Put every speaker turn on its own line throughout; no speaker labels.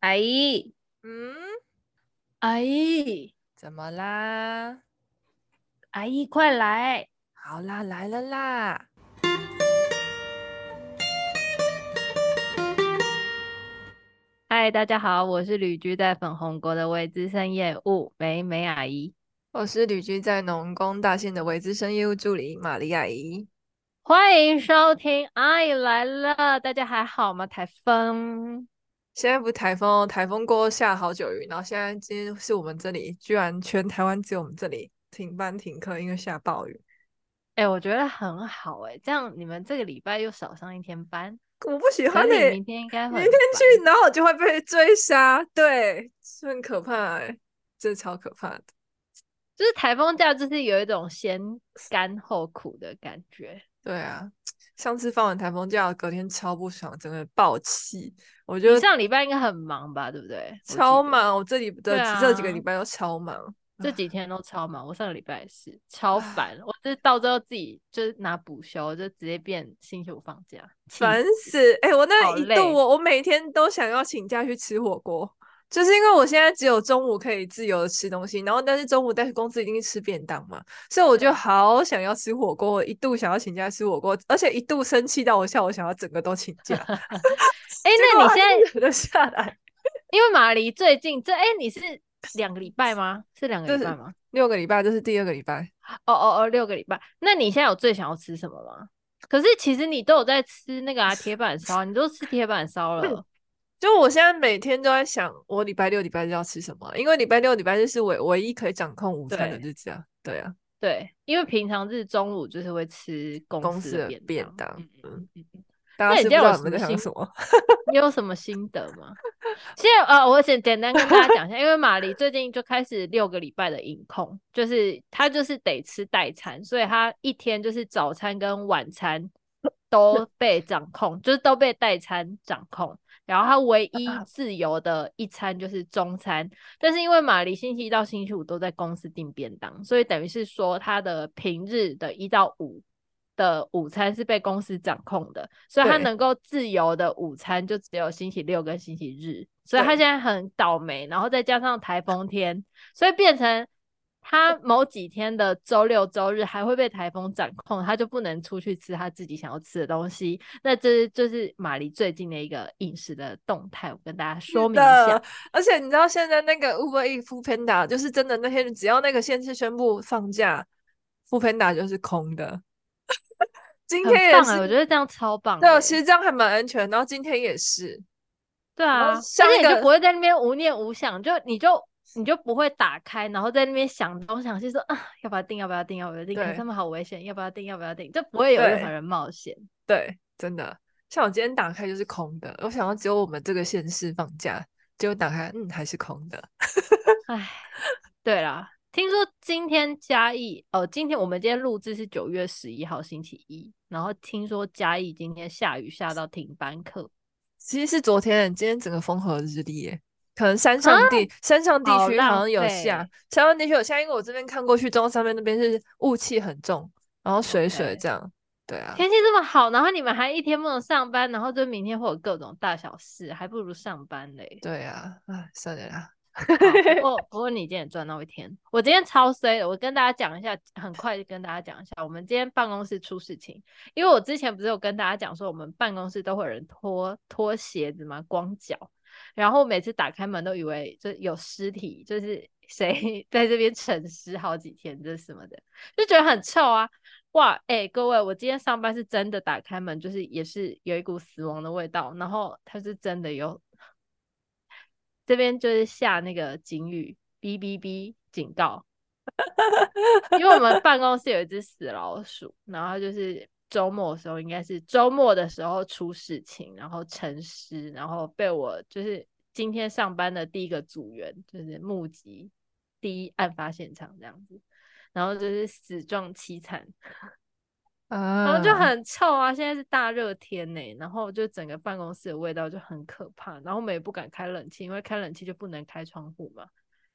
阿姨，嗯，阿姨，怎麼啦？阿姨，快來！好啦，來了啦。嗨，大家好，我是旅居在粉紅國的微資深業務梅梅阿姨。我是旅居在農工大縣的微資深業務助理馬驪阿姨。歡迎收聽，阿姨來了，大家還好嗎？台風。現在不台風，台風過下好久雨，然後現在今天是我們這裡居然全台灣只有我們這裡停班停課，因為下暴雨。哎、欸，我覺得很好哎、欸，這樣你們這個禮拜又少上一天班，我不喜歡、欸。你明天應該會明天去，然後我就會被追殺，對，是很可怕哎、欸，這超可怕的。就
是台風假，就是有一種先甘後苦的感覺。對啊。
上次放完台風假，隔天超不爽，整個爆氣。我覺得你上禮拜應該很忙吧，對不對？超忙，我，我這裡的、啊、這幾個禮拜都超忙，這幾天都超忙。
我上個禮拜也是超煩， 我這到最後自己就是拿補休，就直接變星期五放假，煩 洗死！
哎、欸，我那一度我累我每天都想要請假去吃火鍋。就是因為我現在只有中午可以自由的吃東西，然後但是中午但是公司一定吃便當嘛，所以我就好想要吃火鍋，一度想要請假吃火鍋，而且一度生氣到我下午想要整個都請假。哎，那你現在下來？
因為馬驪最近這哎、欸，你是兩個禮拜嗎？是兩個禮拜嗎？
六個禮拜，這、就是第二個禮拜。
哦哦哦，六個禮拜。那你現在有最想要吃什麼嗎？
可是其實你都有在吃那個啊鐵板燒， 你都吃鐵板燒了。 就我現在每天都在想，我禮拜六、禮拜日要吃什麼啊？因為禮拜六、禮拜日是唯，唯一可以掌控午餐的日子啊！對，對啊，
對，因為平常日中午就是會吃公司的便當，公司的便當。嗯嗯、大家不知道我們在想什麼。你有什麼心得嗎？先 呃，我想簡單跟大家講一下， 因為馬驪最近就開始六個禮拜的飲控，就是她就是得吃代餐，所以她一天就是早餐跟晚餐都被掌控， 就是都被代餐掌控。然後他唯一自由的一餐就是中餐，啊、但是因為馬驪星期一到星期五都在公司訂便當，所以等於是說他的平日的一到五的午餐是被公司掌控的，所以他能夠自由的午餐就只有星期六跟星期日，所以他現在很倒霉，對然後再加上台風天，所以變成。他某幾天的週六週日還會被台風掌控，他就不能出去吃他自己想要吃的東西。那這就是馬驪、就是、最近的一個飲食的動態，我跟大家說明一下。
而且你知道，現在那個 Uber Eats foodpanda、mm hmm. 就是真的，那天只要那個縣市宣布放假，foodpanda 就是空的。 今天也是棒，我覺得這樣超棒。對，其實這樣還蠻安全。然後今天也是，對啊，而且你就不
會在那邊無念無想，就你就。你就不會打開，然後在那邊想東想西說，說啊，要不要定，要不要定，要不要訂？他們對好危險，要不要定，要不要定，對就不會有任何人冒險。
對，真的。像我今天打開就是空的，我想到只有我們這個縣市放假，結果打開，嗯，還是空的。
哎， 對啦，聽說今天嘉義哦、呃，今天我們今天錄制是九月十一號星期一，然後聽說嘉義今天下雨下到停班課。其
實是昨天，今天整個風和日麗耶。可能山上地、啊、山上地區好像有下，oh, that okay. 山上地區有下，因為我這邊看過去，中上面那邊是霧氣很重，然後水水這樣，Okay. 對啊。天氣這麼好，然
後你們還一天不能上班，然後就明天會有各種大小事，還不如上班嘞。對啊，哎，
算了啦。
哦，不過你今天也賺到一天， 我今天超衰的。我跟大家講一下，很快跟大家講一下，我們今天辦公室出事情，因為我之前不是有跟大家講說，我們辦公室都會有人脫脫鞋子嗎？光腳。然後每次打開門都以為就有屍體，就是誰在這邊沉屍好幾天，這是什麼的，就覺得很臭啊！哇，哎、欸，各位，我今天上班是真的打開門，就是也是有一股死亡的味道，然後它是真的有。這邊就是下那個警語，bbb 警告，因為我們辦公室有一隻死老鼠，然後就是。周末的時候應該是周末的時候出事情，然後沉屍，然後被我就是今天上班的第一個組員就是目擊第一案發現場這樣子，然後就是死狀淒慘，然後就很臭啊，現在是大熱天呢、欸，然後就整個辦公室的味道就很可怕，然後我們也不敢開冷氣，因為開冷氣就不能開窗戶嘛，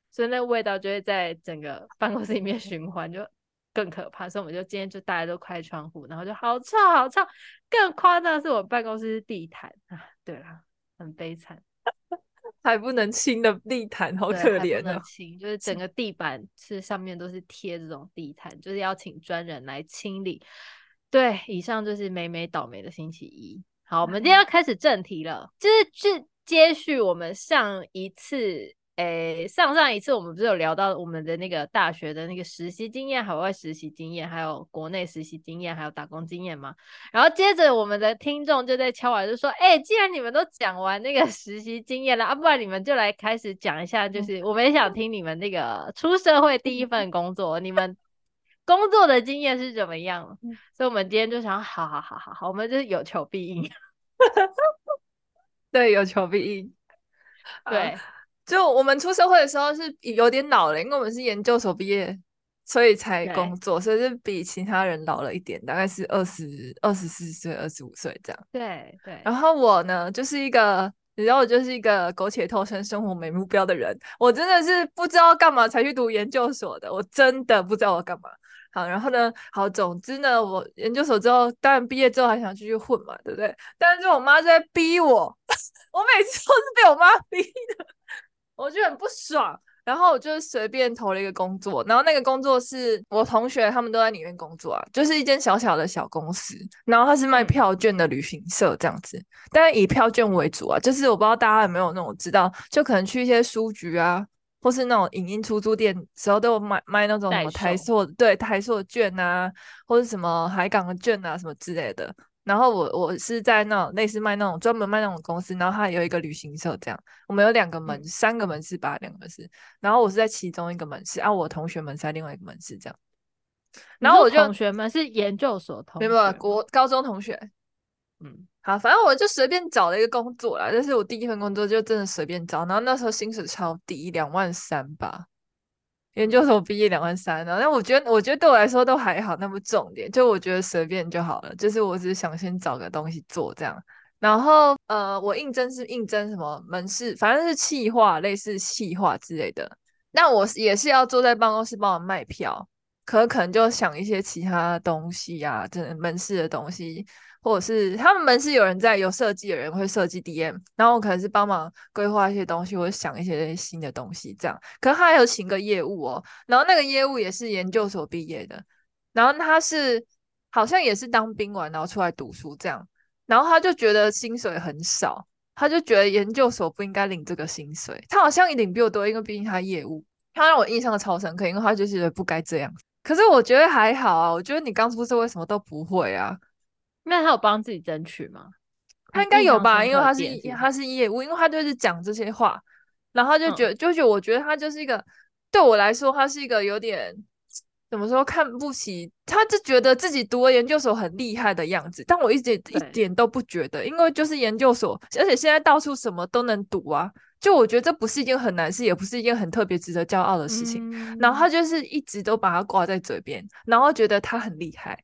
所以那個味道就會在整個辦公室裡面循環就。更可怕，所以我們就今天就大家都開窗戶，然後就好臭好臭。更誇張的是，我辦公室的地毯啊，對啊，很悲慘，
還不能清的地毯，好可憐啊、喔。不能清就是整個
地板是上面都是貼這種地毯，清就是要請專人來清理。對，以上就是美美倒霉的星期一。好，我們今天要開始正題了，嗯、就是去接續我們上一次。誒，上上一次我們不是有聊到我們的那個大學的那個實習經驗、海外實習經驗，還有國內實習經驗，還有打工經驗嘛。然後接着我們的聽眾就在敲碗，就說：“哎，既然你們都講完那個實習經驗了，啊，不然你們就來開始講一下，就是我們也想聽你們那個出社會第一份工作，嗯，你們工作的經驗是怎麼樣？嗯，所以，我們今天就想，好好好，好好好，我們就
是有求必應， 對，有求必應，好對。就我們出社會的時候是有點老了，因為我們是研究所畢業，所以才工作，對所以是比其他人老了一點，大概是二十、二十四歲、二十五歲這樣。對對。對然後我呢，對就是一個，你知道，我就是一個苟且偷生、生活沒目標的人。我真的是不知道幹嘛才去讀研究所的，我真的不知道我幹嘛。好，然後呢，好，總之呢，我研究所之後，當然畢業之後還想繼續混嘛，對不對？但是我媽在逼我， 我每次都是被我媽逼的。我就很不爽，然後我就隨便投了一個工作，然後那個工作是我同學他們都在裡面工作啊，就是一間小小的小公司，然後它是賣票券的旅行社這樣子，嗯、但以票券為主啊，就是我不知道大家有沒有那種知道，就可能去一些書局啊，或是那種影音出租店時候都有賣賣那種什麼台塑手對台塑券啊，或是什麼海港的券啊什麼之類的。然後我我是在那種類似賣那種專門賣那種公司，然後它有一個旅行社這樣。我們有兩個門、嗯、三個門市吧，兩個門市。然後我是在其中一個門市，啊，我同學們在另外一個門市這樣。然後我就同學們是研究所同學，沒有國高中同學。嗯，好，反正我就隨便找了一個工作啦，但是我第一份工作，就真的隨便找。然後那時候薪水超低，兩萬三吧。研究所畢業兩萬三，然後那我覺得，我覺得對我來說都還好，那不重點，就我覺得隨便就好了，就是我只是想先找個東西做這樣，然後呃，我應徵是應徵什麼門市，反正是企劃，類似企劃之類的，那我也是要坐在辦公室幫我賣票，可可能就想一些其他東西呀、啊，這門市的東西。或者是他們門市有人在有設計的人會設計 DM，然後我可能是幫忙規劃一些東西，或者想一些新的東西這樣。可是他還有請個業務哦，然後那個業務也是研究所畢業的，然後他是好像也是當兵完然後出來讀書這樣，然後他就覺得薪水很少，他就覺得研究所不應該領這個薪水，他好像一領比我多，因為畢竟他業務。他讓我印象超深刻，因為他就是覺得不該這樣。可是我覺得還好啊，我覺得你剛出社會什麼都不會啊？那他有幫自己爭取嗎？他應該有吧，因為他是他，他是業務，因為他就是講這些話，然後就覺得、嗯、就覺得，我覺得他就是一個對我來說，他是一個有點怎麼說看不起，他就覺得自己讀了研究所很厲害的樣子，但我一點對一點都不覺得，因為就是研究所，而且現在到處什麼都能讀啊，就我覺得這不是一件很難事，也不是一件很特別值得驕傲的事情。嗯、然後他就是一直都把它掛在嘴邊，然後覺得他很厲害。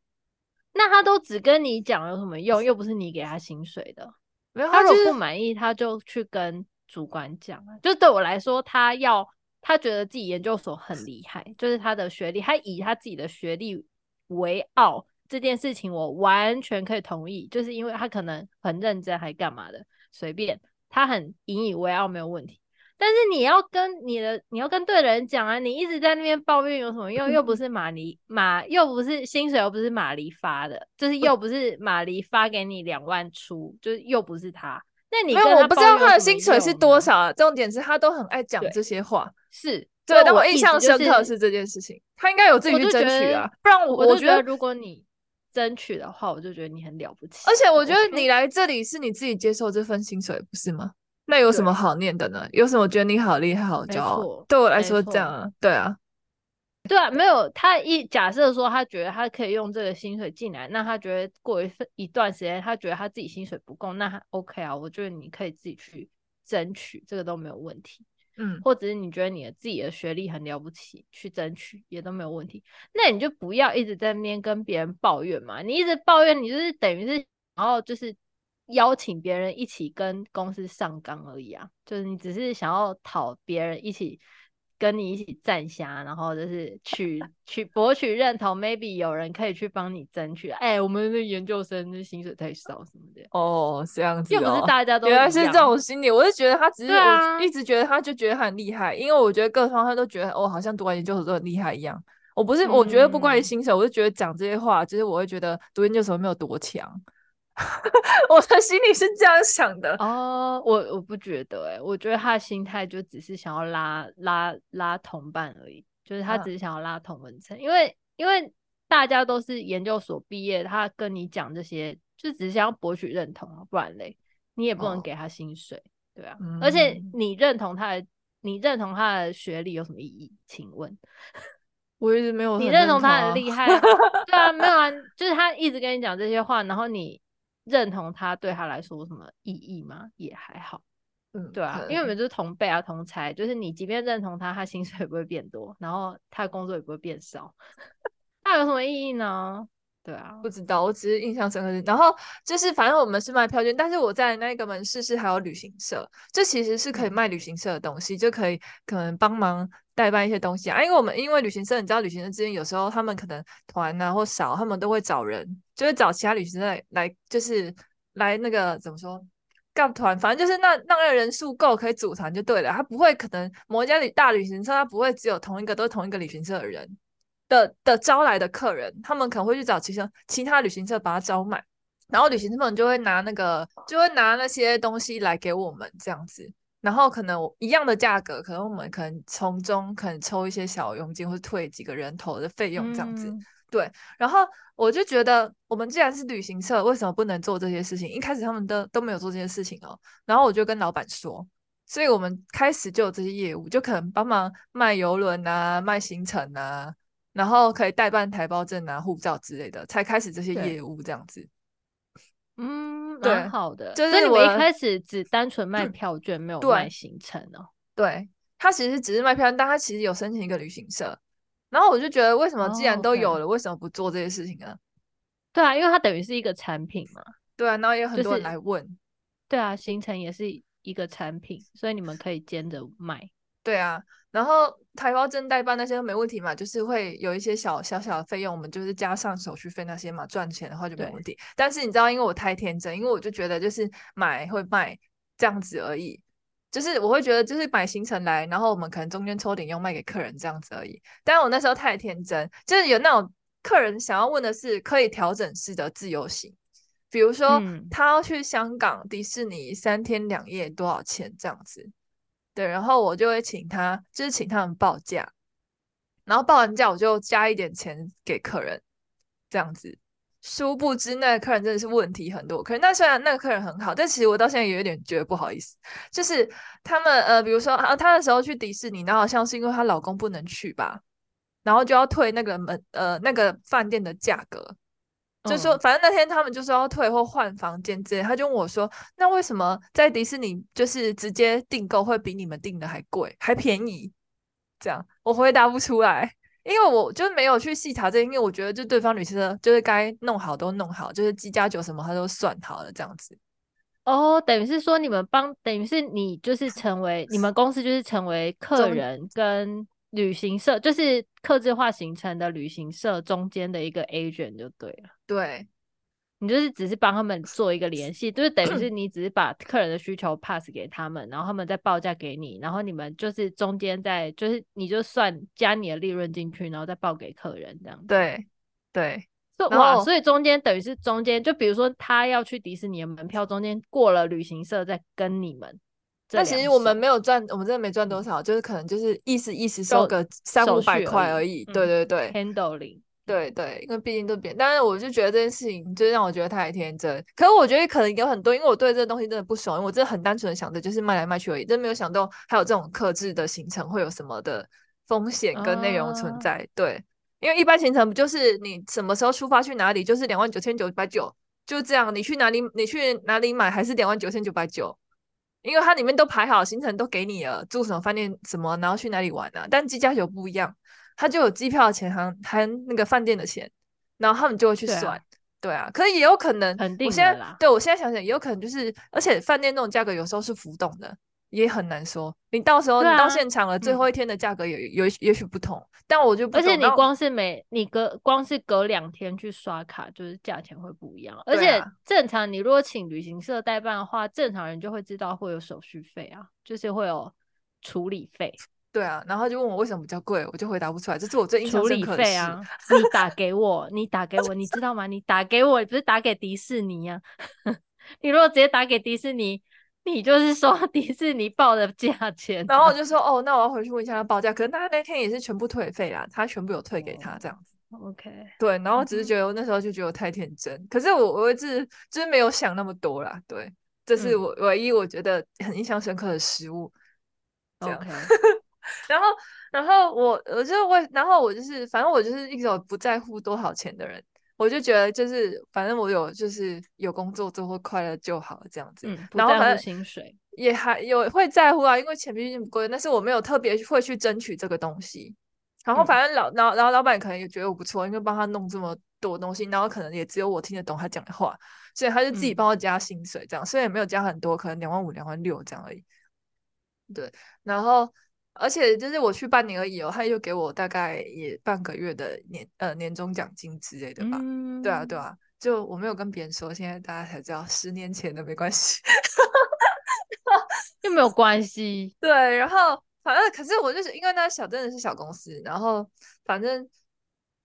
那他都只跟你講有什麼用？
又不是你給他薪水的。沒有，他就是，他如果不滿意，他就去跟主管講。就對我來說，他要，他覺得自己研究所很厲害，是，就是他的學歷，他以他自己的學歷為傲這件事情，我完全可以同意。就是因為他可能很認真，還幹嘛的？隨便，他很引以為傲，沒有問題。但是你要跟你的，你要跟對的人講啊！你一直在那邊抱怨有什麼用？ 又不是馬驪馬，又不是薪水，又不是馬驪發的，就是又不是馬驪發給你兩萬出，就是又不是他。那你因為我不知道他的薪水是
多少啊？對重點是他都很愛講這些話，是對。但我印象深刻是這件事情，他應該有自己去爭取啊，不然我我，覺得，我覺得如
果你爭取的話，我就覺得你很了不起。而且我覺得你
來這裡是你自己接受這份薪水，不是嗎？那有什麼好念的呢？對有什麼覺得你好厲害、好驕傲？錯對我來說這樣啊，錯對啊，對啊，沒有。他
一假設說他覺得他可以用這個薪水進來，那他覺得過一分一段時間，他覺得他自己薪水不夠，那 OK 啊。我覺得你可以自己去爭取，這個都沒有問題。嗯，或者是你覺得你的自己的學歷很了不起，去爭取也都沒有問題。那你就不要一直在那邊跟別人抱怨嘛。你一直抱怨，你就是等於是然後就是。邀請別人一起跟公司上崗而已啊，就是你只是想要討別人一起跟你一起站下，然後就是去博取認同 ，maybe 有人可以去幫你爭取、啊。哎、欸，我們的研究生的薪水太
少什麼的。哦，oh, 這樣子、哦，又不是大家都一樣，原來是這種心理。我是覺得他只是、啊、一直覺得他就覺得他很厲害，因為我覺得各方面都覺得哦，好像讀完研究所都很厲害一樣。我不是，我覺得不關於薪水，嗯、我就覺得講這些話，就是我會覺得讀研究所沒有多強。
我的心裡是這樣想的哦，oh, 我我不覺得哎、欸，我覺得他的心態就只是想要拉拉拉同伴而已，就是他只是想要拉同溫層，uh. 因為因為大家都是研究所畢業，他跟你講這些就只是想要博取認同、啊、不然嘞你也不能給他薪水，oh. 對啊，嗯、而且你認同他的你認同他的學歷有什麼意義？請問 我一直沒有很認同、啊、你認同他很厲害， 對啊，沒有啊，就是他一直跟你講這些話，然後你。認同他對他來說什麼意義嗎？也還好，嗯，對啊，對因為我們就是同輩啊，同儕，就是你即便認同他，他薪水也不會變多，然後他的工作也不會變少，那
有什麼意義呢？對啊，不知道，我只是印象深刻。然後就是，反正我們是賣票券，但是我在那一個門市是還有旅行社，這其實是可以賣旅行社的東西，嗯、就可以可能幫忙代辦一些東西啊。因為我們因為旅行社，你知道旅行社之間有時候他們可能團啊或少，他們都會找人，就會找其他旅行社來，來就是來那個怎麼說幹團，反正就是那那個人數夠可以組團就對了。他不會可能某一家大旅行社，他不會只有同一個都是同一個旅行社的人。的的招來的客人，他們可能會去找其他其他旅行社把它招滿，然後旅行社可能就會拿那個就會拿那些東西來給我們這樣子，然後可能一樣的價格，可能我們可能從中可能抽一些小佣金或者退幾個人頭的費用、嗯、這樣子，對。然後我就覺得，我們既然是旅行社，為什麼不能做這些事情？一開始他們都都沒有做這些事情哦。然後我就跟老闆說，所以我們開始就有這些業務，就可能幫忙賣郵輪啊，賣行程啊。然後可以代辦台胞證啊、護照之類的，才開始這些業務這樣子。對嗯，蠻好的。就是我你們一開始只單純賣票券，嗯、沒有賣行程哦。對，他其實只是賣票，但他其實有申請一個旅行社。然後我就覺得，為什麼既然都有了，oh, okay. 為什麼不做這些事情啊？對啊，因為它等於是一個產品嘛。對
啊，然後也有很多人來問、就是。對啊，行程也是一個產品，所以你們可以兼着賣。
對啊。然後台胞證代辦那些都沒問題嘛，就是會有一些小小小的費用，我們就是加上手續費那些嘛，賺錢的話就沒問題。嗯、但是你知道，因為我太天真，因為我就覺得就是買會賣這樣子而已，就是我會覺得就是買行程來，然後我們可能中間抽點佣賣給客人這樣子而已。但我那時候太天真，就是有那種客人想要問的是可以調整式的自由行，比如說他要去香港迪士尼三天兩夜多少錢這樣子。對，然後我就會請他，就是請他們報價，然後報完價我就加一點錢給客人，這樣子。殊不知那個客人真的是問題很多，可是那雖然那個客人很好，但其實我到現在也有點覺得不好意思。就是他們呃，比如說啊，她那時候去迪士尼，然後好像是因為她老公不能去吧，然後就要退那個門呃那個飯店的價格。就說，反正那天他們就說要退或換房間之類，嗯、他就問我說：“那為什麼在迪士尼就是直接訂購會比你們訂的還貴，還便宜？”這樣我回答不出來，因為我就是沒有去細查這，因為我覺得就對方旅行社就是該弄好都弄好，就是機加酒什麼他都算好了這樣子。哦，等於
是說你們幫，等於是你就是成為你們公司就是成為客人跟旅行社，中就是客制化行程的旅行社中間的一個 agent 就對了。對，你就是只是幫他們做一個聯繫， 就是等於是你只是把客人的需求 pass 給他們，然後他們再報價給你，然後你們就是中間再就是你就算加你的利潤進去，然後再報給客人
這樣子。對對
so, 然後，所以中間等於是中間，就比如說他要去迪士尼的門票，中間過了旅行社再跟你們。
那其實我們沒有賺，我們真的沒賺多少，就是可能就是意思意思收個三五百塊而已。而已嗯、對對對，handling。Hand 對對，因為畢竟都變，但是我就覺得這件事情就是讓我覺得太天真。可是我覺得可能有很多，因為我對這個東西真的不熟，因為我真的很單純的想着就是賣來賣去而已，真沒有想到還有這種客製的行程會有什麼的風險跟內容存在。啊、對，因為一般行程不就是你什麼時候出發去哪裡，就是兩萬九千九百九，就這樣，你去哪裡你去哪裡買還是兩萬九千九百九，因為它裡面都排好行程都給你了，住什麼飯店什麼，然後去哪裡玩啊。但機家就不一樣。他就有機票的錢，含含那個飯店的錢，然後他們就會去算，對啊，對啊。可是也有可能，肯定的我現在對我現在想想，也有可能就是，而且飯店那種價格有時候是浮動的，也很難說。你到時候、啊、你到現場了，最後一天的價格也、嗯、也也許不同。但我就不知道，而且你光是每
後你隔光是隔兩天去刷卡，就是價錢會不一樣。啊、而且正常，你如果請旅行社代辦的話，正常人就會知道會有手續費啊，就是會有處理費。
對啊，然後就問我為什麼比較貴，我就回答不出來。這是我最印象深刻的事。事情
啊，你打， 你打給我，你打給我， 你知道嗎？你打給我，不是打給迪士尼呀、
啊？ 你如果直接打給迪士尼，你就是說迪士尼報的價錢、啊。然後我就說，哦，那我要回去問一下他報價。可是他那天也是全部退費啦，他全部有退給他這樣子。Oh, OK，對，然後我只是覺得我那時候就覺得我太天真，mm hmm. 可是我我一、就、直、是、就是沒有想那麼多啦。對，這是我唯一我覺得很印象深刻的事物。OK。 然後，然後我，我就我，然後我就是，反正我就是一種不在乎多少錢的人，我就覺得就是，反正我有就是有工作做後快樂就好這樣子。嗯、然後還有薪水也還有會在乎啊，因為錢畢竟不貴，但是我沒有特別會去爭取這個東西。然後反正老老、嗯、老闆可能也覺得我不錯，因為幫他弄這麼多東西，然後可能也只有我聽得懂他講的話，所以他就自己幫我加薪水這樣，雖然、嗯、沒有加很多，可能兩萬五、兩萬六這樣而已。對，然後。而且就是我去半年而已哦，他又給我大概也半個月的年呃年終獎金之類的吧。嗯、對啊，對啊，就我沒有跟別人說，現在大家才知道，十年前的沒關係， 又沒有關係。對，然後反正可是我就是因為那小真的是小公司，然後反正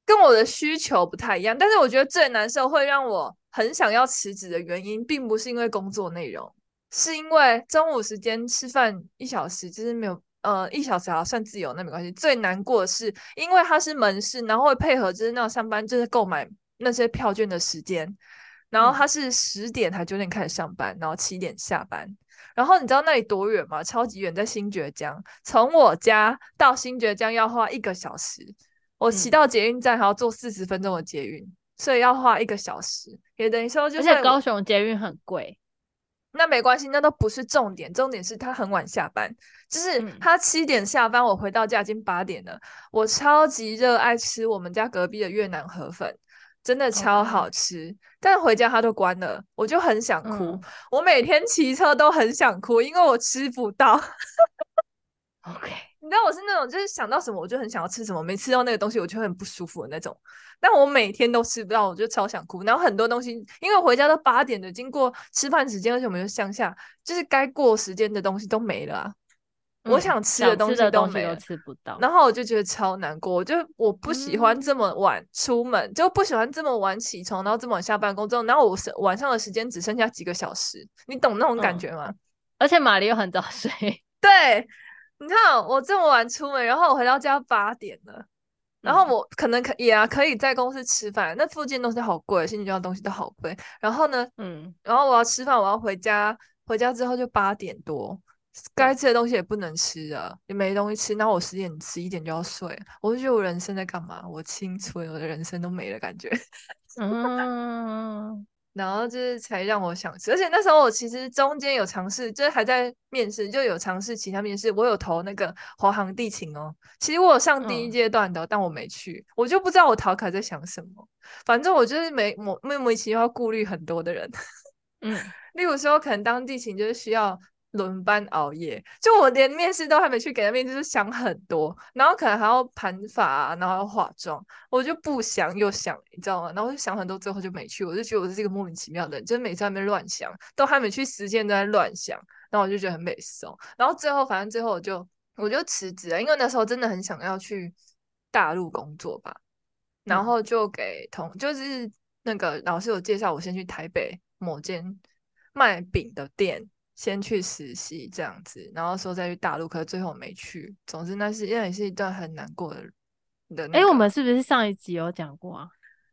跟我的需求不太一樣。但是我覺得最難受會讓我很想要辭職的原因，並不是因為工作內容，是因為中午時間吃飯一小時就是沒有。呃，一小時還算自由，那沒關係。最難過的是，因為它是門市，然後會配合就是那種上班就是購買那些票券的時間。然後它是十點才九點開始上班，然後七點下班。然後你知道那裡多遠嗎？超級遠，在新崛江。從我家到新崛江要花一個小時。我騎到捷運站還要坐四十分鐘的捷運，所以要花一個小時。也等於說就，就是而且高雄捷運很貴。那沒關係，那都不是重點，重點是他很晚下班，就是他七點下班，嗯、我回到家已經八點了。我超級熱愛吃我們家隔壁的越南河粉，真的超好吃。Okay. 但回家他就關了，我就很想哭。嗯、我每天騎車都很想哭，因為我吃不到。 OK。你知道我是那種，就是想到什麼我就很想要吃什麼，沒吃到那個東西我就會很不舒服的那種。但我每天都吃不到，我就超想哭。然後很多東西，因為回家都八點的，經過吃飯時間，而且我們又鄉下，就是該過時間的東西都沒了，啊。嗯、
我想吃的東西都沒有吃
不到。然後我就覺得超難過。嗯、我就我不喜歡這麼晚出門，就不喜歡這麼晚起床，然後這麼晚下班工作，然後我晚上的時間只剩下幾個小時。你懂那種感覺嗎？嗯、而且馬驪又很早睡，對。你看我這麼晚出門，然後我回到家八點了，嗯、然後我可能可也、啊、可以在公司吃飯，那附近的東西好貴，新疆的東西都好貴。然後呢，嗯，然後我要吃飯，我要回家，回家之後就八點多，該吃的東西也不能吃了，對也沒東西吃，那我十點十一點就要睡。我就覺得我人生在幹嘛？我青春，我的人生都沒了感覺。嗯。 然後就是才讓我想，而且那時候我其實中間有嘗試，就是還在面試，就有嘗試其他面試。我有投那個華航地勤哦，其實我有上第一階段的，嗯、但我沒去，我就不知道我陶卡在想什麼？反正我就是沒，沒，沒，其實要顧慮很多的人。嗯，例如說可能當地勤就是需要輪班熬夜，就我連面試都還沒去給他面試，就想很多，然後可能還要盤髮、啊，然後要化妝，我就不想又想，你知道嗎？然後就想很多，最後就沒去。我就覺得我是一個莫名其妙的人，就是每次在那邊亂想，都還沒去，時間都在亂想，然後我就覺得很沒意思、哦、然後最後，反正最後我就我就辭職了，因為那時候真的很想要去大陸工作吧。然後就給同、嗯、就是那個老師有介紹，我先去台北某間賣餅的店。先去實習這樣子，然後說再去大陸，可是最後沒去。總之，那是因為是一段很難過的人哎、那個欸，我們是不是上一集有講過啊？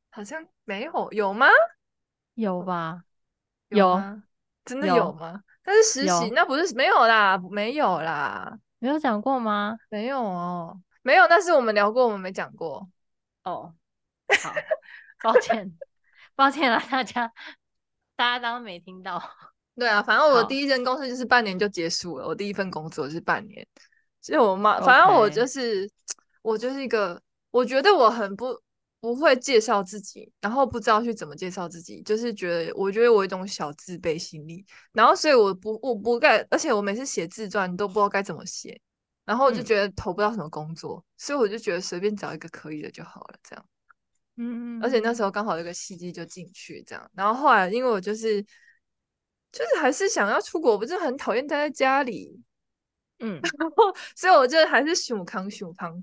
好像沒有，有嗎？有吧？有，有，真的有嗎？有，但是實習有那不是沒有啦，沒有啦，沒有講過嗎？沒有哦，沒有。那是我們聊過，我們沒講過
哦。好，
抱歉， 抱歉啦，大家，
大家當沒聽
到。對啊，反正我第一任公司就是半年就結束了。好我第一份工作是半年，所以我媽反正我就是 Okay. 我就是一個，我覺得我很不不會介紹自己，然後不知道去怎麼介紹自己，就是覺得我覺得我有一種小自卑心理，然後所以我不我不該，而且我每次寫自傳都不知道該怎麼寫，然後我就覺得投不到什麼工作，嗯、所以我就覺得隨便找一個可以的就好了這樣。嗯嗯。而且那時候剛好有個契機就進去這樣，然後後來因為我就是。就是還是想要出國，我不是很討厭待在家裡，嗯，然後 所以我就還是胸腔胸腔，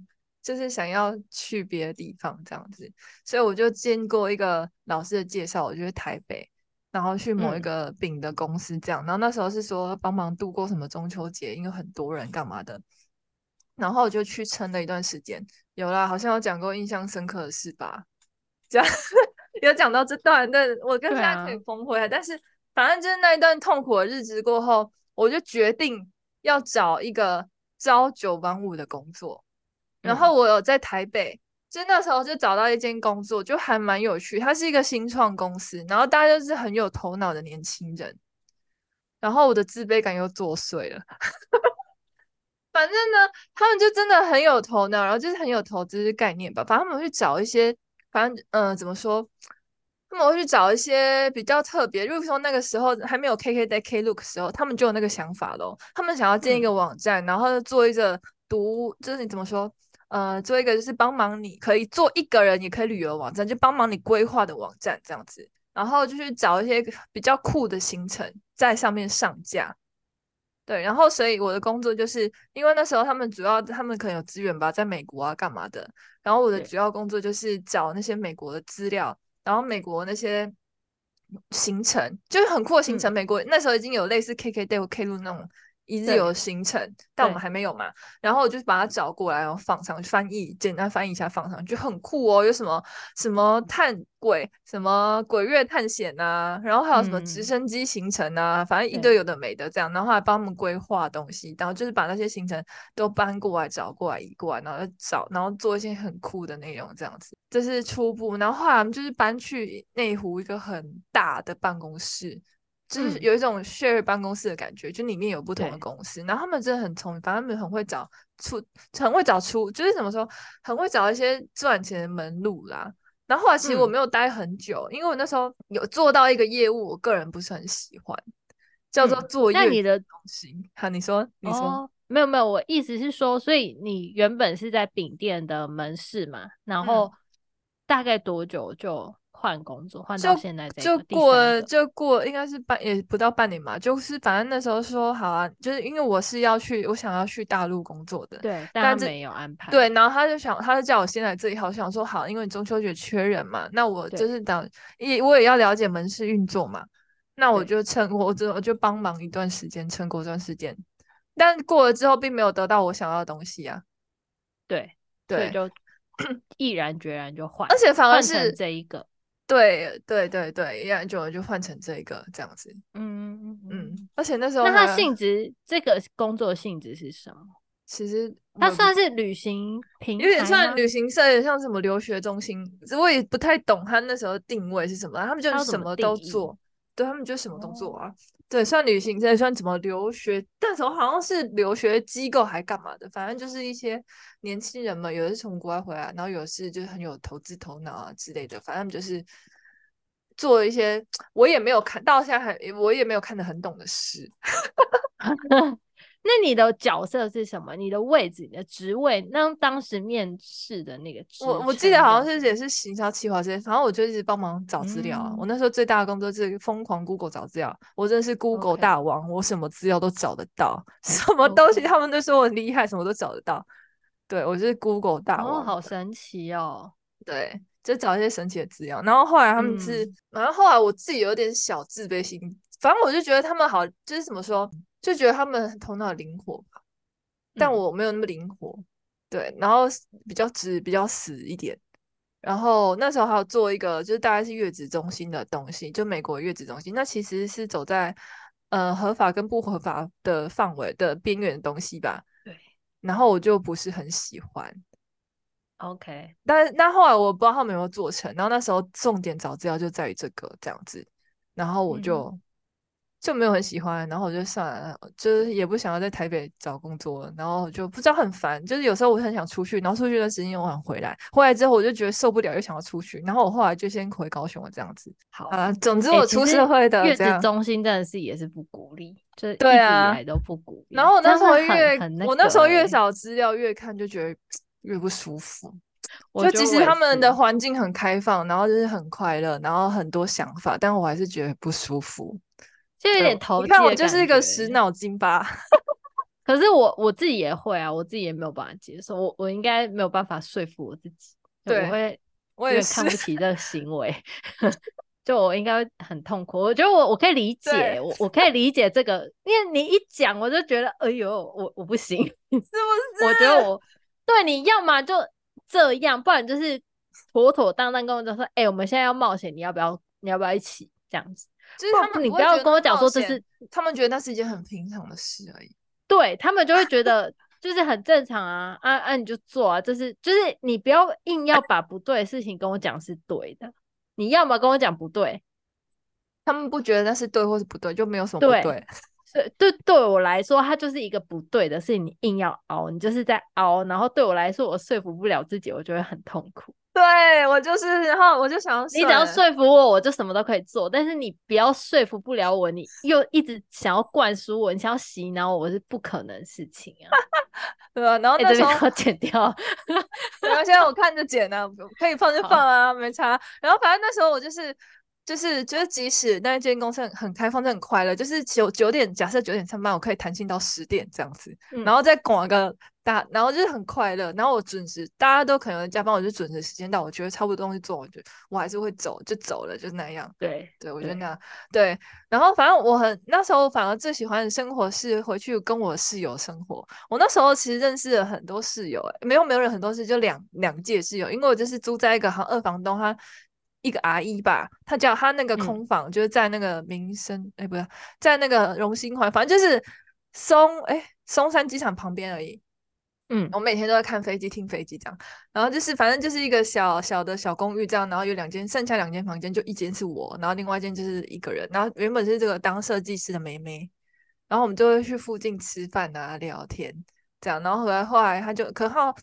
就是想要去別的地方這樣子，所以我就經過一個老師的介紹，我就去台北，然後去某一個餅的公司這樣，嗯、然後那時候是說幫忙度過什麼中秋節，因為很多人幹嘛的，然後我就去撐了一段時間，有啦，好像有講過印象深刻的事吧，這樣、啊， 有講到這段，但我跟大家可以峰會，但是、啊。反正就是那一段痛苦的日子過後，我就決定要找一個朝九晚五的工作。嗯、然後我有在台北，就那時候就找到一間工作，就還蠻有趣。它是一個新創公司，然後大家就是很有頭腦的年輕人。然後我的自卑感又作祟了。 反正呢，他們就真的很有頭腦，然後就是很有投資的概念吧。反正他們去找一些，反正嗯、呃，怎麼說？他們會去找一些比較特別，例如說那個時候還沒有 K K 在 Klook 的時候，他們就有那個想法咯。他們想要建一個網站，嗯、然後做一個讀，就是你怎麼說，呃，做一個就是幫忙你可以做一個人也可以旅遊網站，就幫、是、忙你規劃的網站這樣子。然後就去找一些比較酷的行程在上面上架。對，然後所以我的工作就是因為那時候他們主要他們可能有資源吧，在美國啊幹嘛的。然後我的主要工作就是找那些美國的資料。然後美國那些行程就是很闊行程，嗯、美國那時候已經有類似 KKday 或 K 路那種。一日遊行程，對但我們還沒有嘛。對然後我就把它找過來，然後放上去翻譯，簡單翻譯一下放上去，就很酷哦。有什麼什麼探鬼，什麼鬼月探險吶、啊，然後還有什麼直升機行程吶、啊，嗯、反正一堆有的沒的這樣。對然後還幫我們規劃東西，然後就是把那些行程都搬過來找過來移過來，然後再找，然後做一些很酷的內容這樣子。這是初步。然後後來我們就是搬去內湖一個很大的辦公室。就是有一種 share 辦公室的感覺，嗯、就裡面有不同的公司，對然後他們真的很聰明，反正他們很會找出，很會找出，就是怎麼說，很會找一些賺錢的門路啦。然後後來其實我沒有待很久，嗯、因為我那時候有做到一個業務，我個人不是很喜歡，叫做做業務，那你的東西，好、嗯啊，你說，你說，哦、沒有沒有，我意
思是說，所以你原本是在餅店的門市嘛，然後大概多久就？嗯換工作，換到現在、這個、就過了
就過了，應該是半也不到半年嘛。就是反正那時候說好啊，就是因為我是要去，我想要去大陸工作的，對，但是沒有安排。對，然後他就想，他就叫我先來這裡，好想說好，因為中秋節缺人嘛。那我就是等，對也我也要了解門市運作嘛。那我就趁我這對我就幫忙一段時間，撐過一段時間。但過了之後，並沒有得到我想要的東西啊。對對，對就 毅然決然就換，而且反而是這一個。對對對對，一兩週就換成這個這樣子，嗯嗯，而且那時候，那他性質他這個工作性質是什麼？其實他算是旅行平台，平，有點像旅行社，像是什麼留學中心，我也不太懂他那時候定位是什麼？他們就什麼都做，他對他們就什麼都做啊，哦對，算旅行，算怎麼留學？那時候好像是留學機構還幹嘛的，反正就是一些年輕人嘛，有的是從國外回來，然後有的是就是很有投資頭腦啊之類的，反正就是做一些我也沒有看到，現在還我也沒有看得很懂的事。 那你的角色是什麼？你的位置、你的
職位？那當時面試的那個我，我我記得好像
是也是行銷企劃之類。反正我就是幫忙找資料、啊。嗯、我那時候最大的工作就是瘋狂 Google 找資料。我真的是 Google 大王，Okay. 我什麼資料都找得到，什麼東西他們都說我厲害，Oh. 什麼都找得到。對，我就是 Google 大王，Oh, 好神奇哦！對，就找一些神奇的資料。然後後來他們是，嗯、然後後來我自己有點小自卑心，反正我就覺得他們好，就是怎麼說？就覺得他們頭腦靈活吧，但我沒有那麼靈活，嗯、對，然後比較直，比較死一點。然後那時候還要做一個，就是大概是月子中心的東西，就美國月子中心，那其實是走在、呃、合法跟不合法的範圍的邊緣的東西吧。對，然後我就不是很喜歡。
OK，
但那後來我不知道他們有沒有做成。然後那時候重點找資料就在於這個這樣子，然後我就。嗯就沒有很喜歡，然後我就算了，就是也不想要在台北找工作，然後就不知道很煩。就是有時候我很想出去，然後出去的時間又想回來，回來之後我就覺得受不了，又想要出去。然後我後來就先回高雄了，這樣子。好啊，啊，總之我出社會的這樣。欸、月子中心真的是也是不鼓勵，樣就一直以來，都不鼓勵、對啊。然後我那時候越那、欸、我那時候越少資料越看就覺得越不舒服。我就，就即使他們的環境很開放，然後就是很快樂，然後很多想法，但我還是覺得不舒服。
就有點頭痛，你看我就是一個
死腦筋吧。可是我我自己也會啊，
我自己也沒有辦法接受，我我應該沒有辦法說服我自己。對，因為
我也是看不起
這個行為， 就我應該很痛苦。我覺得我我可以理解，對我我可以理解這個，因為你一講我就覺得，哎呦，我我不行， 是不是？我覺得我對你要麼就這樣，不然就是妥妥當當跟我們就說，哎、欸，我們現在要冒險，你要不要？你要不要一起這樣子？就是他們，你不要跟我講說這是
他們覺得那是一件很平常的事而已。
對他們就會覺得就是很正常啊 啊啊，你就做啊，這是就是你不要硬要把不對的事情跟我講是對的。你要麼跟我講不對，他們不覺得那是對或是不對，就沒有什麼對。對對，所以對我來說，它就是一個不對的事情，你硬要熬，你就是在熬。然後對我來說，我說服不了自己，我就會很痛苦。
對我就是，然後我就想要，你只要說
服我，我就什麼都可以做。但是你不要說服不了我，你又一直想要灌輸我，你想要洗腦，我是不可能的事情啊，
對吧、啊？然後那這邊要
剪掉，
然後現在我看着剪呢、啊，可以放就放啊，啊沒差。然後反正那時候我就是。就是就是即使那間公司很開放，但很快樂。就是九九點，假設九點上班，我可以彈性到十點這樣子，然後再廣個大，嗯、然後就是很快樂。然後我準時，大家都可能加班，我就準時，時間到。我覺得差不多東西做，我覺得我還是會走，就走了，就那樣。對對，我覺得那樣對，對。然後反正我很那時候反而最喜歡的生活是回去跟我室友生活。我那時候其實認識了很多室友、欸，哎，沒有沒有人很多室友，就兩兩屆室友，因為我就是租在一個好像二房東他。一個阿姨吧，她叫她那個空房、嗯、就是在那個民生，哎，不是在那個榮興環，反正就是松，哎，松山機場旁邊而已。嗯，我每天都在看飛機、聽飛機這樣，然後就是反正就是一個小小的小公寓這樣，然後有兩間，剩下兩間房間就一間是我，然後另外一間就是一個人。然後原本是這個當設計師的梅梅，然後我們就會去附近吃飯啊、聊天。這樣，然後後來，後來他就，可他，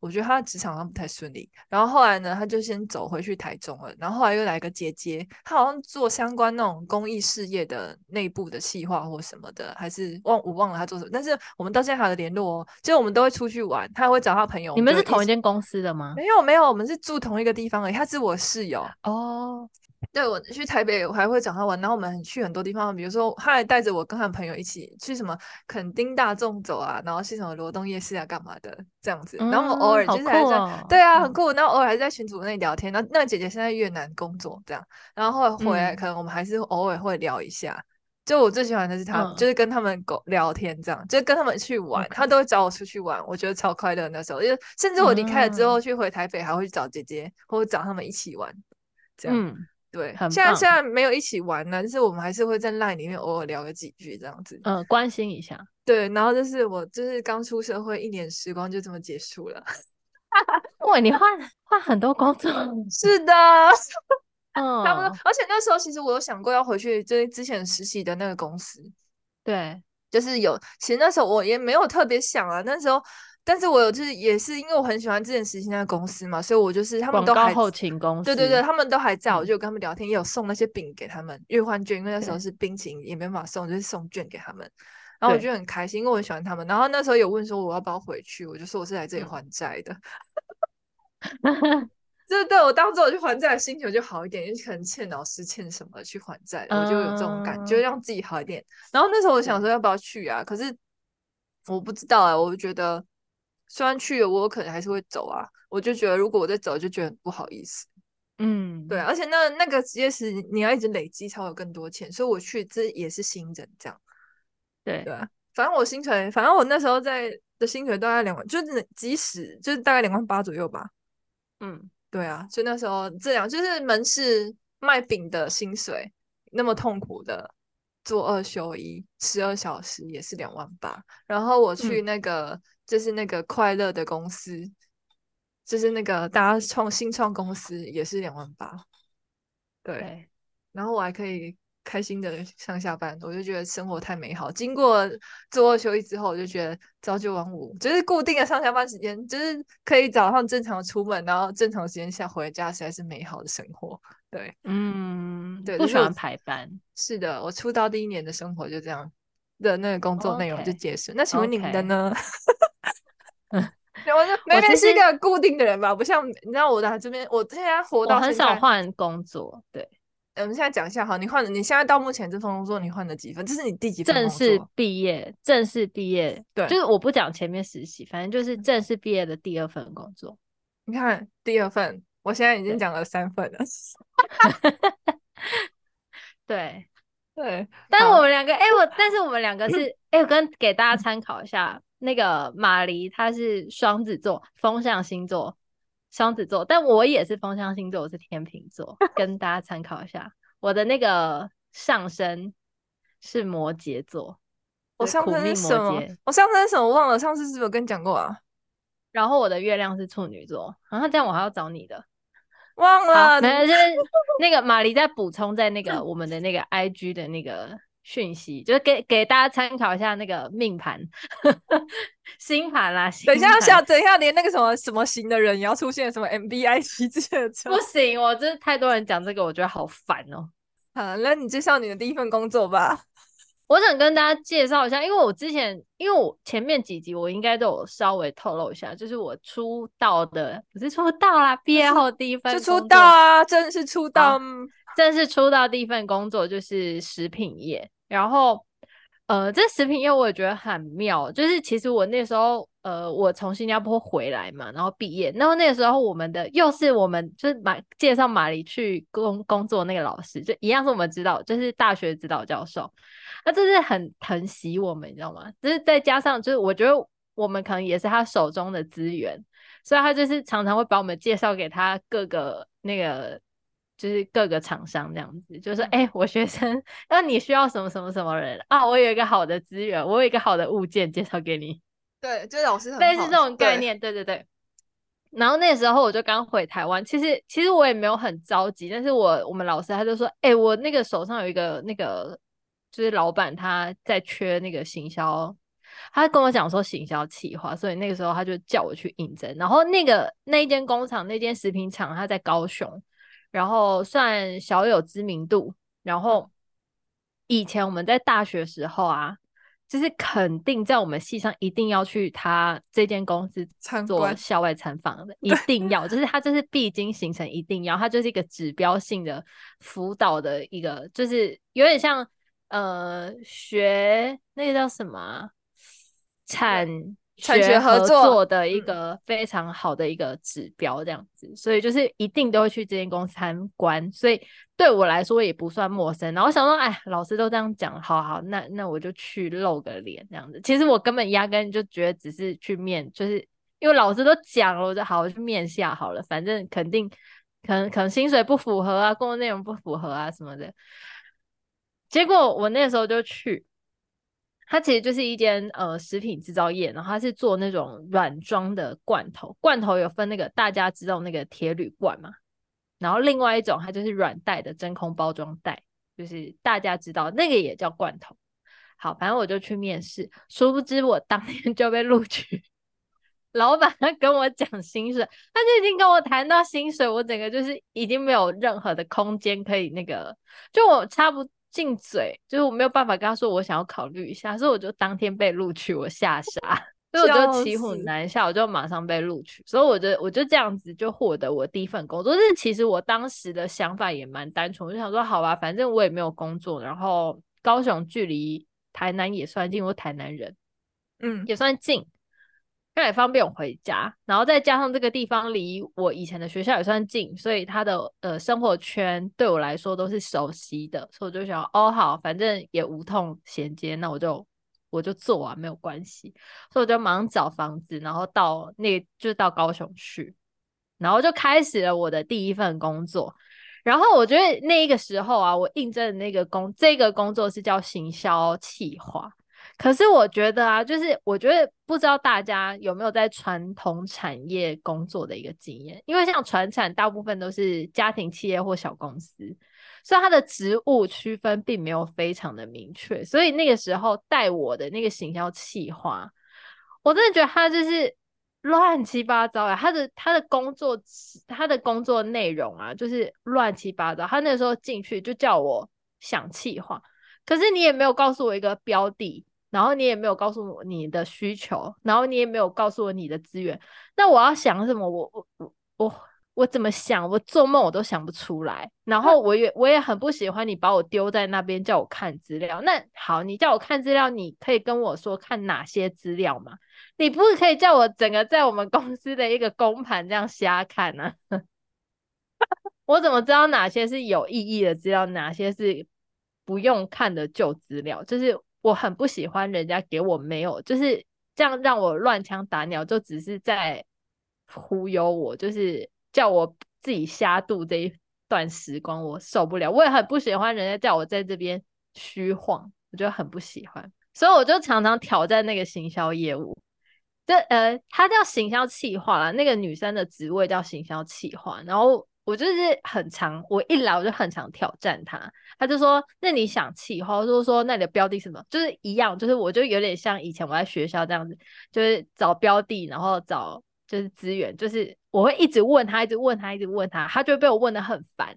我覺得他的職場上不太順利。然後後來呢，他就先走回去台中了。然後後來又來一個姐姐，她好像做相關那種公益事業的內部的企劃或什麼的，還是忘我忘了她做什麼。但是我們到現在還有聯絡哦，就是我們都會出去玩，她也會找她朋友。你們是同一間
公司的嗎？沒
有沒有，我們是住同一個地方而已，他是我室友哦。對我去台北，我還會找他玩。然後我們去很多地方，比如說他還帶着我跟他朋友一起去什麼墾丁大眾走啊，然後是什麼羅東夜市啊，幹嘛的這樣子。嗯、然後我偶爾就是還在、哦、對啊，很酷。嗯、然後偶爾還在群組內聊天。那那姐姐現在越南工作，這樣。然後，後來回來可能我們還是偶爾會聊一下。嗯、就我最喜歡的是他，嗯、就是跟他們狗聊天，這樣，嗯、就是跟他們去玩，Okay. 他都會找我出去玩。我覺得超快樂。那時候，就甚至我離開了之後，嗯、去回台北還會去找姐姐，或者找他們一起玩，這樣。嗯對，現在現在沒有一起玩了，但是我們還是會在 LINE 裡面偶爾聊個幾句這樣子，嗯，
關心一下。
對，然後就是我就是剛出社會一年時光就這麼結束了，喂， 你換換 很多工作，是的，嗯、 哦，差不多。而且那時候其實我有想過要回去，就之前實習的那個公司，對，就是有。其實那時候我也沒有特別想啊，那時候。但是，我就是也是，因為我很喜歡之前實習，那個公司嘛，所以我就是他們都還後勤，公司對對對，他們都還在，我就跟他們聊天，嗯、也有送那些餅給他們，兌換券，因為那時候是冰淇淋也沒辦法送，對就是送券給他們，
然後我就很
開心，對因為我很喜歡他們。然後那時候有問說我要不要回去，我就說我是來這裡還債的，就是對對，我當作我去還債，心情就好一點，因為可能欠老師欠什麼去還債，我就有這種感覺，嗯、讓自己好一點。然後那時候我想說要不要去啊，嗯、可是我不知道啊、欸，我就覺得。雖然去了，我可能還是會走啊。我就覺得，如果我再走，就覺得不好意思。嗯，對啊。而且那那個職業是你要一直累積才會有更多錢，所以我去這也是新人這樣。對對啊，反正我薪水，反正我那時候在的薪水大概兩萬，就是即使就是大概兩萬八左右吧。嗯，對啊，所以那時候這樣就是門市賣餅的薪水那麼痛苦的做二休一十二小時也是兩萬八，然後我去那個。嗯就是那個快樂的公司，就是那個大家創新創公司，也是兩萬八。對，對，然後我還可以開心的上下班，我就覺得生活太美好。經過週末休息之後，我就覺得朝九晚五，就是固定的上下班時間，就是可以早上正常出門，然後正常時間下回家，實在是美好的生活。對，嗯，對，不喜歡排班、就是。是的，我出道第一年的生活就這樣，的那個工作內容就結束。Oh, okay. 那請問你們的呢？Okay. 嗯，我就 maybe 是一個固定的人吧，不像你知道我在這邊，我現在活到我很少換
工作。對，
我們現在講一下，哈，你換你現在到目前這份工作，你換了幾份？這是你第幾份？正式
畢業？正式畢業，對，就是我不講前面實習，反正就是正式畢業的第二份工作。你看第二份，我現在已經講了三份了。對對，但是我們兩個，哎，我但是我們兩個是，哎，我跟給大家參考一下。那個馬驪他是雙子座，風象星座，雙子座，但我也是風象星座，我是天秤座， 跟大家參考一下。我的那個上升是摩羯座，我上升什麼？我上升什麼？我忘了，上次是不是有跟你講過、啊？然後我的月亮是處女座，然、啊、後這樣我還要找你的，忘了，沒事。 那個馬驪在補充，在那個我們的那個 I G 的那個。訊息就是給給大家參考一下那個命盤、星盤啦。等一下
下，等一下連那個什麼什麼型的人也要出現什麼 MBTI 之類的，不行，我真的太多人講這個，我覺得好煩哦、喔。好，那你介紹你的第一份工作吧。
我想跟大家介紹一下，因為我之前因為我前面幾集我應該都有稍微透露一下，就是我出道的，不是出道啦，畢業後第一份就出道啊，正式出道，正式、啊、出道第一份工作就是食品業。然後，呃，這食品業也我覺得很妙，就是其實我那時候，呃，我從新加坡回來嘛，然後畢業，然後那個時候我們的又是我們就是馬介紹馬驪去工工作，那個老師，就一樣是我們指導，就是大學指導教授，那、啊、這是很疼惜我們，你知道嗎？就是再加上就是我覺得我們可能也是他手中的資源，所以他就是常常會把我們介紹給他各個那個。就是各個廠商這樣子，就是哎、嗯欸，我學生，那你需要什麼什麼什麼人啊？我有一個好的資源，我有一個好的物件介紹給你。對，就
是老師類似這
種概念，對，對對對。然後那時候我就剛回台灣，其實其實我也沒有很着急，但是我我們老師他就說，哎、欸，我那個手上有一個那個，就是老闆他在缺那個行銷，他跟我講說行銷企劃，所以那個時候他就叫我去應徵。然後那個那間工廠那間食品廠，他在高雄。然後算小有知名度。然後以前我們在大學時候啊，就是肯定在我們系上一定要去他這間公司做校外參訪的，觀一定要，對就是他就是必經行程，一定要，他就是一個指標性的輔導的一個，就是有點像呃學那個叫什麼、啊、產。產學，學合作的一個非常好的一個指標，這樣子，嗯、所以就是一定都會去這間公司參觀，所以對我來說也不算陌生。然後我想說，哎，老師都這樣講，好，好好，那那我就去露個臉這樣子。其實我根本壓根就覺得只是去面，就是因為老師都講了，我就好，好去面下好了，反正肯定可能可能薪水不符合啊，工作內容不符合啊什麼的。結果我那時候就去。它其實就是一間呃食品製造業，然後它是做那種軟裝的罐頭。罐頭有分那個，大家知道那個鐵鋁罐嘛，然後另外一種它就是軟袋的真空包裝袋，就是大家知道那個也叫罐頭。好，反正我就去面試，殊不知我當天就被錄取，老闆他跟我講薪水，他就已經跟我談到薪水，我整個就是已經沒有任何的空間可以那個，就我差不。進嘴，就是我沒有辦法跟他說我想要考慮一下，所以我就當天被錄取，我嚇傻， 死所以我就騎虎難下，我就馬上被錄取，所以我就我就這樣子就獲得我第一份工作。但是其實我當時的想法也蠻單純，我就想說，好吧，啊，反正我也沒有工作，然後高雄距離台南也算近，我台南人，嗯，也算近。也方便我回家，然後再加上這個地方離我以前的學校也算近，所以他的呃生活圈對我來說都是熟悉的，所以我就想，哦好，反正也無痛銜接，那我就我就做啊，沒有關係，所以我就忙找房子，然後到那就是、到高雄去，然後就開始了我的第一份工作，然後我覺得那一個時候啊，我應徵那個工，這個工作是叫行銷企劃。可是我覺得啊，就是我覺得不知道大家有沒有在傳統產業工作的一個經驗，因為像傳產大部分都是家庭企業或小公司，所以他的職務區分並沒有非常的明確。所以那個時候帶我的那個形象企劃，我真的覺得他就是亂七八糟啊！他的他的工作，他的工作內容啊，就是亂七八糟。他那個時候進去就叫我想企劃，可是你也沒有告訴我一個標的。然後你也沒有告訴我你的需求，然後你也沒有告訴我你的資源，那我要想什麼？我我我我怎麼想？我做夢我都想不出來。然後我也我也很不喜歡你把我丟在那邊叫我看資料。那好，你叫我看資料，你可以跟我說看哪些資料嗎？你不可以叫我整個在我們公司的一個公盤這樣瞎看呢、啊？ 我怎麼知道哪些是有意義的資料，哪些是不用看的舊資料？就是。我很不喜歡人家給我沒有，就是這樣讓我亂槍打鳥，就只是在忽悠我，就是叫我自己瞎度這一段時光，我受不了。我也很不喜歡人家叫我在這邊虛晃，我就很不喜歡，所以我就常常挑戰那個行銷業務。這呃，他叫行銷企劃啦，那個女生的職位叫行銷企劃，然後。我就是很常，我一來我就很常挑戰他，他就說：“那你想氣或者說：“說那你的標的是什麼？”就是一樣，就是我就有點像以前我在學校這樣子，就是找標的，然後找就是資源，就是我會一直問他，一直問他，一直問他，他就被我問得很煩。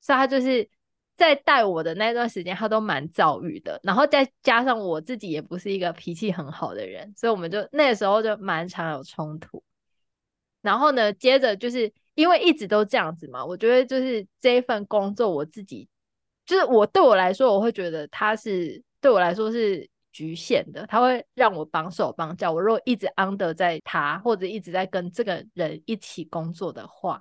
所以，他就是在帶我的那段時間，他都蠻躁鬱的。然後再加上我自己也不是一個脾氣很好的人，所以我們就那時候就蠻常有衝突。然後呢，接着就是。因為一直都這樣子嘛，我覺得就是這一份工作我自己，就是我對我來說，我會覺得他是對我來說是局限的，他會讓我綁手綁腳。我如果一直 under 在他，或者一直在跟這個人一起工作的話，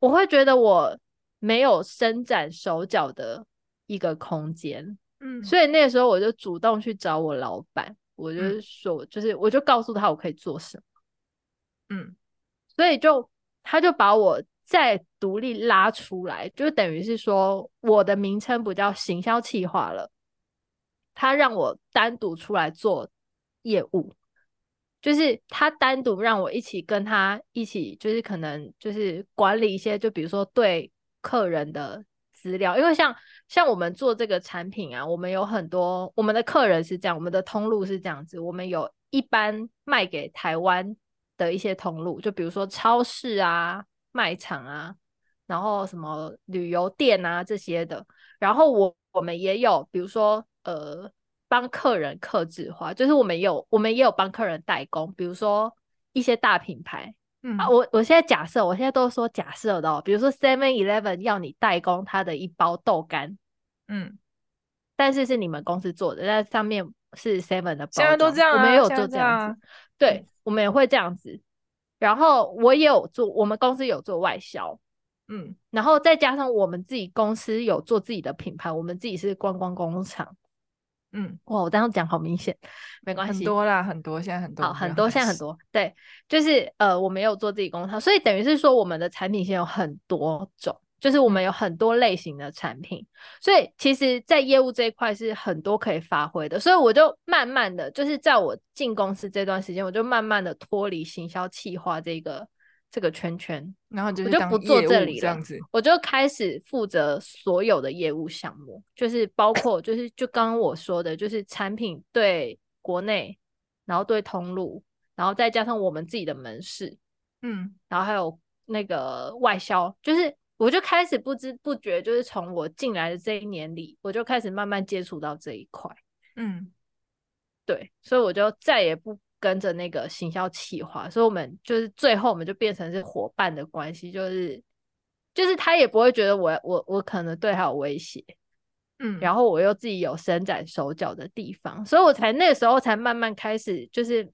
我會覺得我沒有伸展手腳的一個空間。嗯，所以那時候我就主動去找我老闆，我就是說，嗯、就是我就告訴他我可以做什麼。嗯，所以就。他就把我再獨立拉出來，就等於是說我的名稱不叫行銷企劃了。他讓我單獨出來做業務，就是他單獨讓我一起跟他一起，就是可能就是管理一些，就比如說對客人的資料，因為像像我們做這個產品啊，我們有很多我們的客人是這樣，我們的通路是這樣子，我們有一般賣給台灣的一些通路，就比如說超市啊、賣場啊，然後什麼旅遊店啊這些的。然後我我們也有，比如說呃，幫客人客製化，就是我們也有，我們也有幫客人代工，比如說一些大品牌。嗯啊，我我現在假設，我現在都說假設的哦。比如說 Seven Eleven 要你代工他的一包豆乾，嗯，但是是你們公司做的，那上面是 Seven 的包，現在都這樣，啊，我們也有做這樣子。對、嗯、我們也會這樣子，然後我也有做，我們公司有做外銷，嗯，然後再加上我們自己公司有做自己的品牌，我們自己是觀光工廠，嗯，哇，我這樣講好明顯，
沒關係，很多啦，很多，現在很多，好，好很多，現在很多，
對，就是呃，我沒有做自己工廠，所以等於是說我們的產品線有很多種。就是我們有很多類型的產品，嗯、所以其實，在業務這一塊是很多可以發揮的。所以我就慢慢的就是在我進公司這段時間，我就慢慢的脫離行銷企劃這個這個圈圈，然後就就不做這裡這樣子，我這了我就不做這裡了，我就開始負責所有的業務項目，就是包括就是 就剛剛我說的，就是產品對國內，然後對通路，然後再加上我們自己的門市，嗯，然後還有那個外銷，就是。我就開始不知不覺，就是從我進來的這一年裡，我就開始慢慢接觸到這一塊。嗯，對，所以我就再也不跟着那個行銷企劃，所以我們就是最後我們就變成是夥伴的關係，就是就是他也不會覺得我我我可能對他有威脅，嗯，然後我又自己有伸展手腳的地方，所以我才那時候才慢慢開始，就是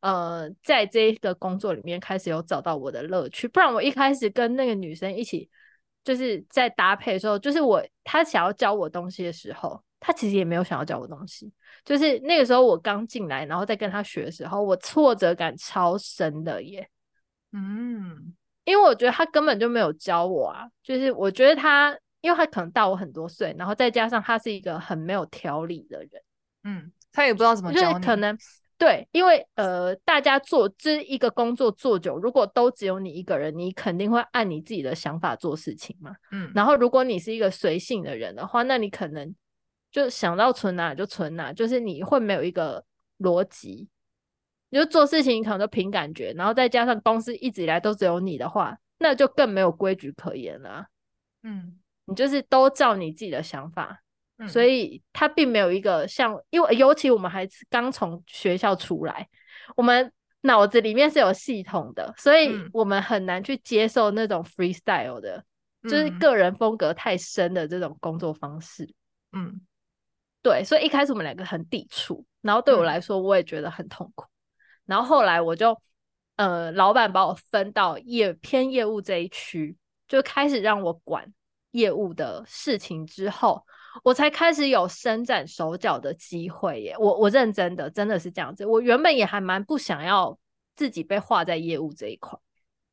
呃，在這個工作裡面開始有找到我的樂趣。不然我一開始跟那個女生一起。就是在搭配的時候，就是我，他想要教我東西的時候，他其實也沒有想要教我東西。就是那個時候我剛進來，然後在跟他學的時候，我挫折感超深的耶。
嗯，
因為我覺得他根本就沒有教我啊。就是我覺得他，因為他可能大我很多歲，然後再加上他是一個很沒有條理的人，嗯，他也不知道怎麼教，可能。對，因為呃，大家做這一個工作做久，如果都只有你一個人，你肯定會按你自己的想法做事情嘛。嗯，然後如果你是一個隨性的人的話，那你可能就想到存哪就存哪，就是你會沒有一個邏輯，你就是、做事情可能就憑感覺，然後再加上公司一直以來都只有你的話，那就更沒有規矩可言了、啊。嗯，你就是都照你自己的想法。所以他並沒有一個像，因為尤其我們還是剛從學校出來，我們腦子裡面是有系統的，所以我們很難去接受那種 freestyle 的，嗯、就是個人風格太深的這種工作方式。嗯，對，所以一開始我們兩個很抵觸，然後對我來說我也覺得很痛苦，嗯、然後後來我就，呃，老闆把我分到業偏業務這一區，就開始讓我管業務的事情之後。我才開始有伸展手腳的機會耶！我我認真的，真的是這樣子。我原本也還蠻不想要自己被劃在業務這一塊，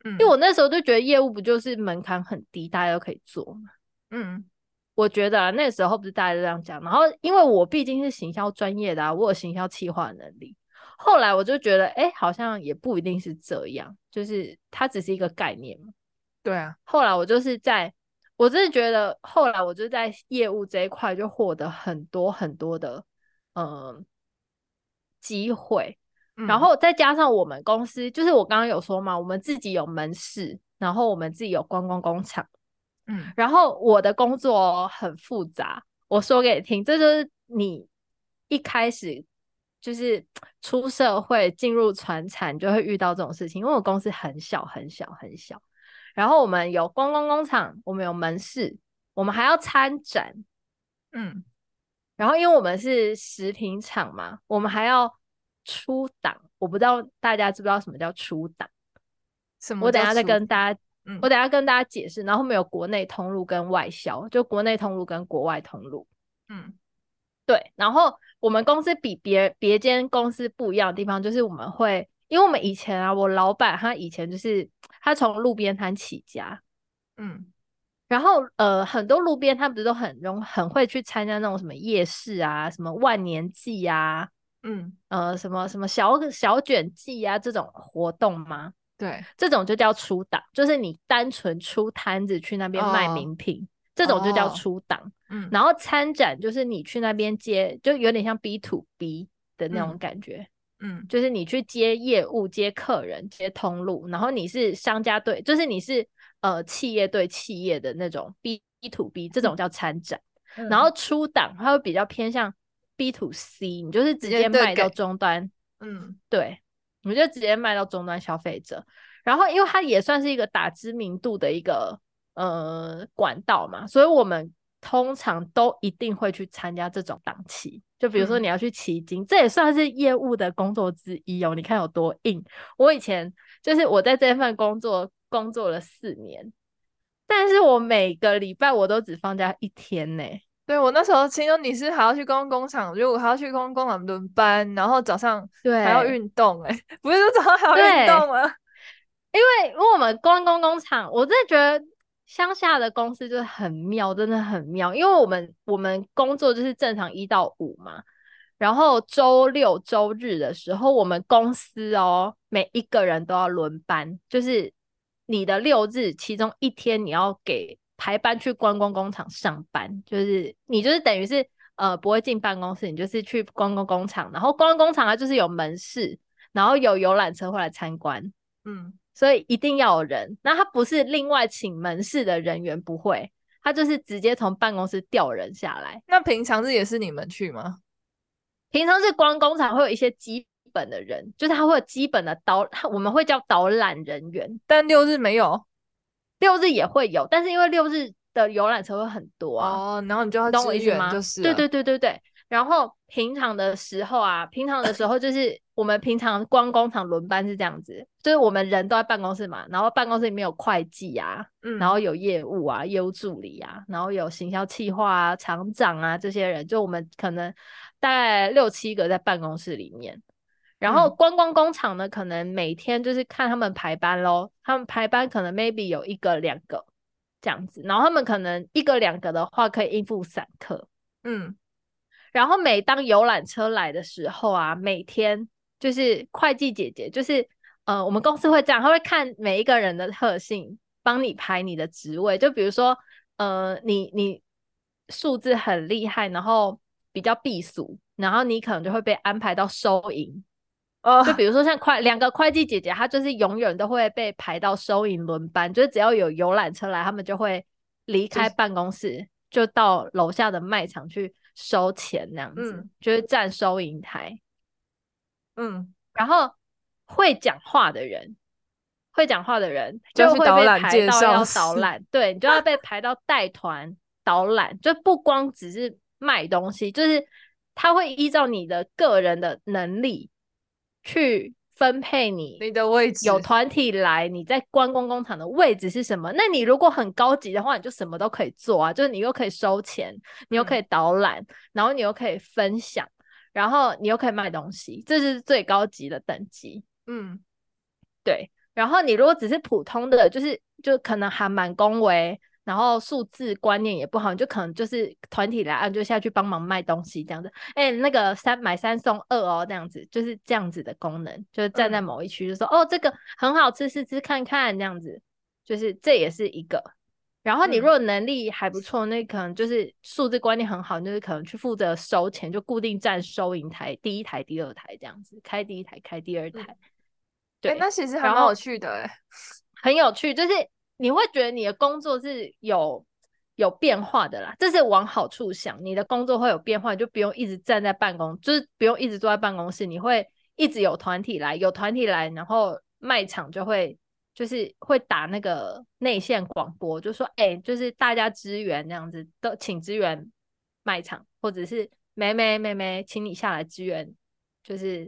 嗯，因為我那時候就覺得業務不就是門檻很低，大家都可以做嘛。嗯，我覺得啊，那時候不是大家都這樣講。然後因為我畢竟是行銷專業的啊，我有行銷企劃能力。後來我就覺得，哎、欸，好像也不一定是這樣，就是它只是一個概念嘛。對啊。後來我就是在。我真的覺得，後來我就在業務這一塊就獲得很多很多的嗯機、呃、會，嗯、然後再加上我們公司，就是我剛剛有說嘛，我們自己有門市，然後我們自己有觀光工廠，嗯，然後我的工作很複雜，我說給你聽，這就是你一開始就是出社會進入傳產就會遇到這種事情，因為我公司很小很小很小。很小然後我們有觀光工、工廠，我們有門市，我們還要參展，嗯，然後因為我們是食品廠嘛，我們還要出檔，我不知道大家知不知道什麼叫出檔，什麼叫出，我等一下再跟大家，嗯、我等一下跟大家解釋。然後我們有國內通路跟外銷，就國內通路跟國外通路，嗯，對。然後我們公司比別別間公司不一樣的地方，就是我們會，因為我們以前啊，我老板他以前就是他從路邊攤起家，嗯，然後呃，很多路邊攤不是都很容很會去參加那種什麼夜市啊，什麼萬年季啊，嗯，呃，什麼什麼小小卷季啊這種活動嗎？對，這種就叫出檔，就是你單純出攤子去那邊賣名品，oh、這種就叫出檔。嗯、oh，然後參展就是你去那邊接，就有點像 B to B 的那種感覺。嗯嗯，就是你去接業務、接客人、接通路，然後你是商家對，就是你是呃企業對企業的那種 B B to B、嗯、這種叫參展，
嗯、然後出
檔，它會比較偏向 B to C，你就是直接賣到終端。嗯，對，你就直接賣到終端消費者，嗯、然後因為它也算是一個打知名度的一個呃管道嘛，所以我們。通常都一定會去參加這種檔期，就比如說你要去騎金，嗯、這也算是業務的工作之一哦。你看有多硬？我以前就是我在這份工作工作了四年，但是我每個禮拜我都只放假一天呢。
對我那時候，聽說你是還要去公共工工廠，如果還要去公共工工廠輪班，然後早上還要運動，哎對，不是說早上還要運動嗎？
因為因為我們公共工廠，我真的覺得。鄉下的公司就是很妙，真的很妙，因為我們我們工作就是正常一到五嘛，然後周六周日的時候，我們公司哦，每一個人都要輪班，就是你的六日其中一天你要給排班去觀光工廠上班，就是你就是等於是呃不會進辦公室，你就是去觀光工廠，然後觀光工廠它就是有門市，然後有遊覽車會來參觀，嗯。所以一定要有人，那他不是另外請門市的人員，不會，他就是直接從辦公室調人下來。那平常日也是你們去嗎？平常是觀光工廠會有一些基本的人，就是他會有基本的導，他我們會叫導覽人員。但六日沒有，六日也會有，但是因為六日的遊覽車會很多哦、啊，Oh, 然後你就要支援嗎嗎就是。對對對對對，然後平常的時候啊，平常的時候就是。 我們平常觀光廠輪班是這樣子，就是我們人都在辦公室嘛，然後辦公室裡面有會計啊，嗯、然後有業務啊、業務助理啊，然後有行銷企劃啊、廠長啊這些人，就我們可能大概六七個在辦公室裡面，然後觀光工廠呢，可能每天就是看他們排班咯，他們排班可能 maybe 有一個兩個這樣子，然後他們可能一個兩個的話可以應付散客，嗯，然後每當遊覽車來的時候啊，每天。就是會計姐姐，就是呃，我們公司會這樣，他會看每一個人的特性，幫你排你的職位。就比如說，呃，你你數字很厲害，然後比較避俗，然後你可能就會被安排到收銀。哦，oh. 就比如說像快兩個會計姐姐，她就是永遠都會被排到收銀輪班，就是只要有遊覽車來，他們就會離開辦公室，就是、就到樓下的賣場去收錢，這樣子，嗯、就是站收銀台。嗯，然後會講話的人，會講話的人就會被排到要導覽，導覽介紹，對 你就要被排到帶團導覽，就不光只是賣東西，就是他會依照你的個人的能力去分配你你的位置。有團體來，你在觀光工廠的位置是什麼？那你如果很高級的話，你就什麼都可以做啊，就是你又可以收錢，你又可以導覽，嗯，然後你又可以分享。然後你又可以賣東西，這是最高級的等級，嗯，對。然後你如果只是普通的，就是就可能還蠻恭維，然後數字觀念也不好，你就可能就是團體來按就下去幫忙賣東西這樣子。哎，那個三買三送二哦，這樣子就是這樣子的功能，就是站在某一區就說、嗯、哦這個很好吃，試吃看看這樣子，就是這也是一個。然後你如果能力還不錯，嗯、那可能就是數字觀念很好，你就是可能去負責收錢，就固定站收銀台第一台、第二台這樣子，開第一台，開第二台。嗯、對、欸，那其實很有趣
的，
很有趣。就是你會覺得你的工作是有有變化的啦，這是往好處想，你的工作會有變化，你就不用一直站在辦公，就是不用一直坐在辦公室，你會一直有團體來，有團體來，然後賣場就會。就是會打那個內線廣播，就說：“哎、欸，就是大家支援這樣子，都請支援賣場，或者是梅梅梅梅，請你下來支援，就是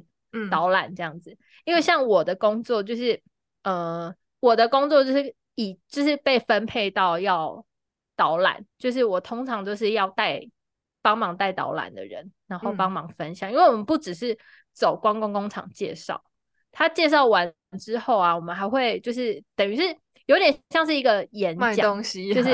導覽這樣子。嗯、因為像我的工作，就是、嗯、呃，我的工作就是以就是被分配到要導覽，就是我通常就是要帶幫忙帶導覽的人，然後幫忙分享，嗯、因為我們不只是走觀光工廠介紹。”他介紹完之後啊，我們還會就是等於是有點像是一個演講，啊、就是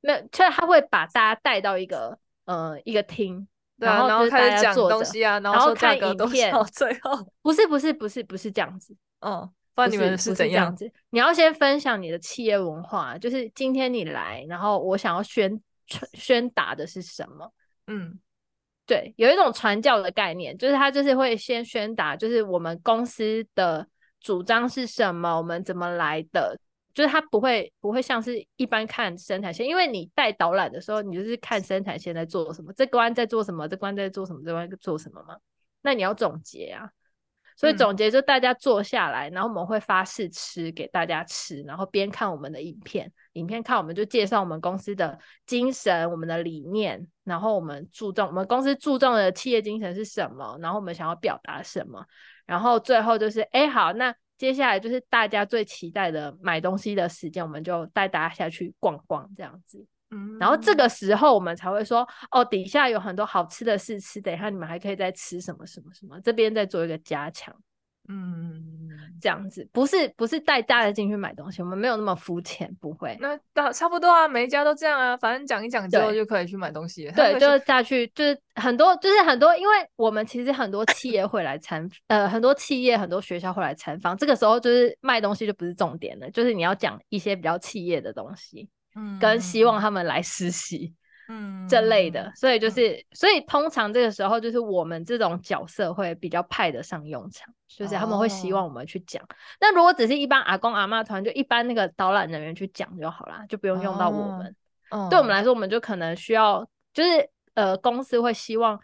沒有，就是他會把大家帶到一個呃一個廳，
對啊、然後然後大家坐東西啊，然後，然後看影片，
最後不是不是不是不是這樣子，嗯、哦，不知道你們是怎樣，不是不是樣子，你要先分享你的企業文化，就是今天你來，然後我想要宣宣達的是什麼，嗯。對，有一種傳教的概念，就是他就是會先宣達，就是我們公司的主張是什麼，我們怎麼來的，就是他不會不會像是一般看生產線，因為你帶導覽的時候，你就是看生產線在做什麼，這關在做什麼，這關在做什麼，這關在做什麼嘛。那你要總結啊。所以總結就大家坐下來，嗯、然後我們會發試吃給大家吃，然後邊看我們的影片，影片看我們就介紹我們公司的精神、我們的理念，然後我們注重我們公司注重的企業精神是什麼，然後我們想要表達什麼，然後最後就是哎、欸、好，那接下來就是大家最期待的買東西的時間，我們就帶大家下去逛逛這樣子。然後這個時候我們才會說，哦，底下有很多好吃的試吃，等一下你們還可以再吃什麼什麼什麼，這邊再做一個加強，
嗯，
這樣子不是不是帶大家的進去買東西，我們沒有那麼膚淺，不會。
那到差不多啊，每一家都這樣啊，反正講一講之後就可以去買東西。對，對，就
下去就是很多就是很多，因為我們其實很多企業會來參， 呃，很多企業很多學校會來參訪，這個時候就是賣東西就不是重點了，就是你要講一些比較企業的東西。嗯，跟希望他們來實習，嗯，這類的，嗯、所以就是，所以通常這個時候就是我們這種角色會比較派得上用場，嗯、就是他們會希望我們去講。那、哦、如果只是一般阿公阿嬤團，就一般那個導覽人員去講就好啦，就不用用到我們。哦嗯、對我們來說，我們就可能需要，就是呃，公司會希望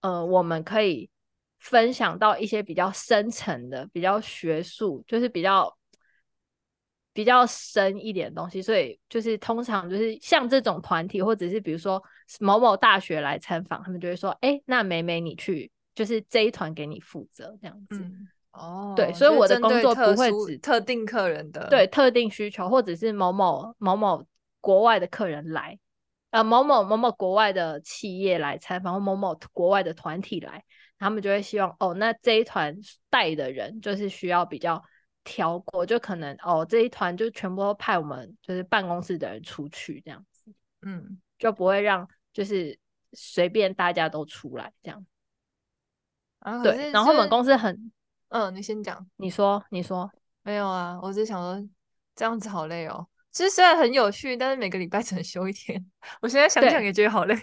呃，我們可以分享到一些比較深層的、比較學術，就是比較。比較深一點東西，所以就是通常就是像這種團體，或者是比如說某某大學來參訪，他們就會說：“哎、欸，那梅梅你去，就是這一團給你負責這樣子。嗯”對哦，
對，所以我的工作不會只特，特定客人的對
特定需求，或者是某某某某國外的客人來，呃，某某某某國外的企業來參訪，或某某國外的團體來，他們就會希望哦，那這一團帶的人就是需要比較。調過就可能哦，這一團就全部都派我們就是辦公室的人出去這樣子，嗯，就不會讓就是隨便大家都出來這樣。啊，對，然後我們公司很，
嗯，你先講，你
說你說，
沒有啊，我只想說這樣子好累哦，其實雖然很有趣，但是每個禮拜只能休一天，我現在想想也覺得好累，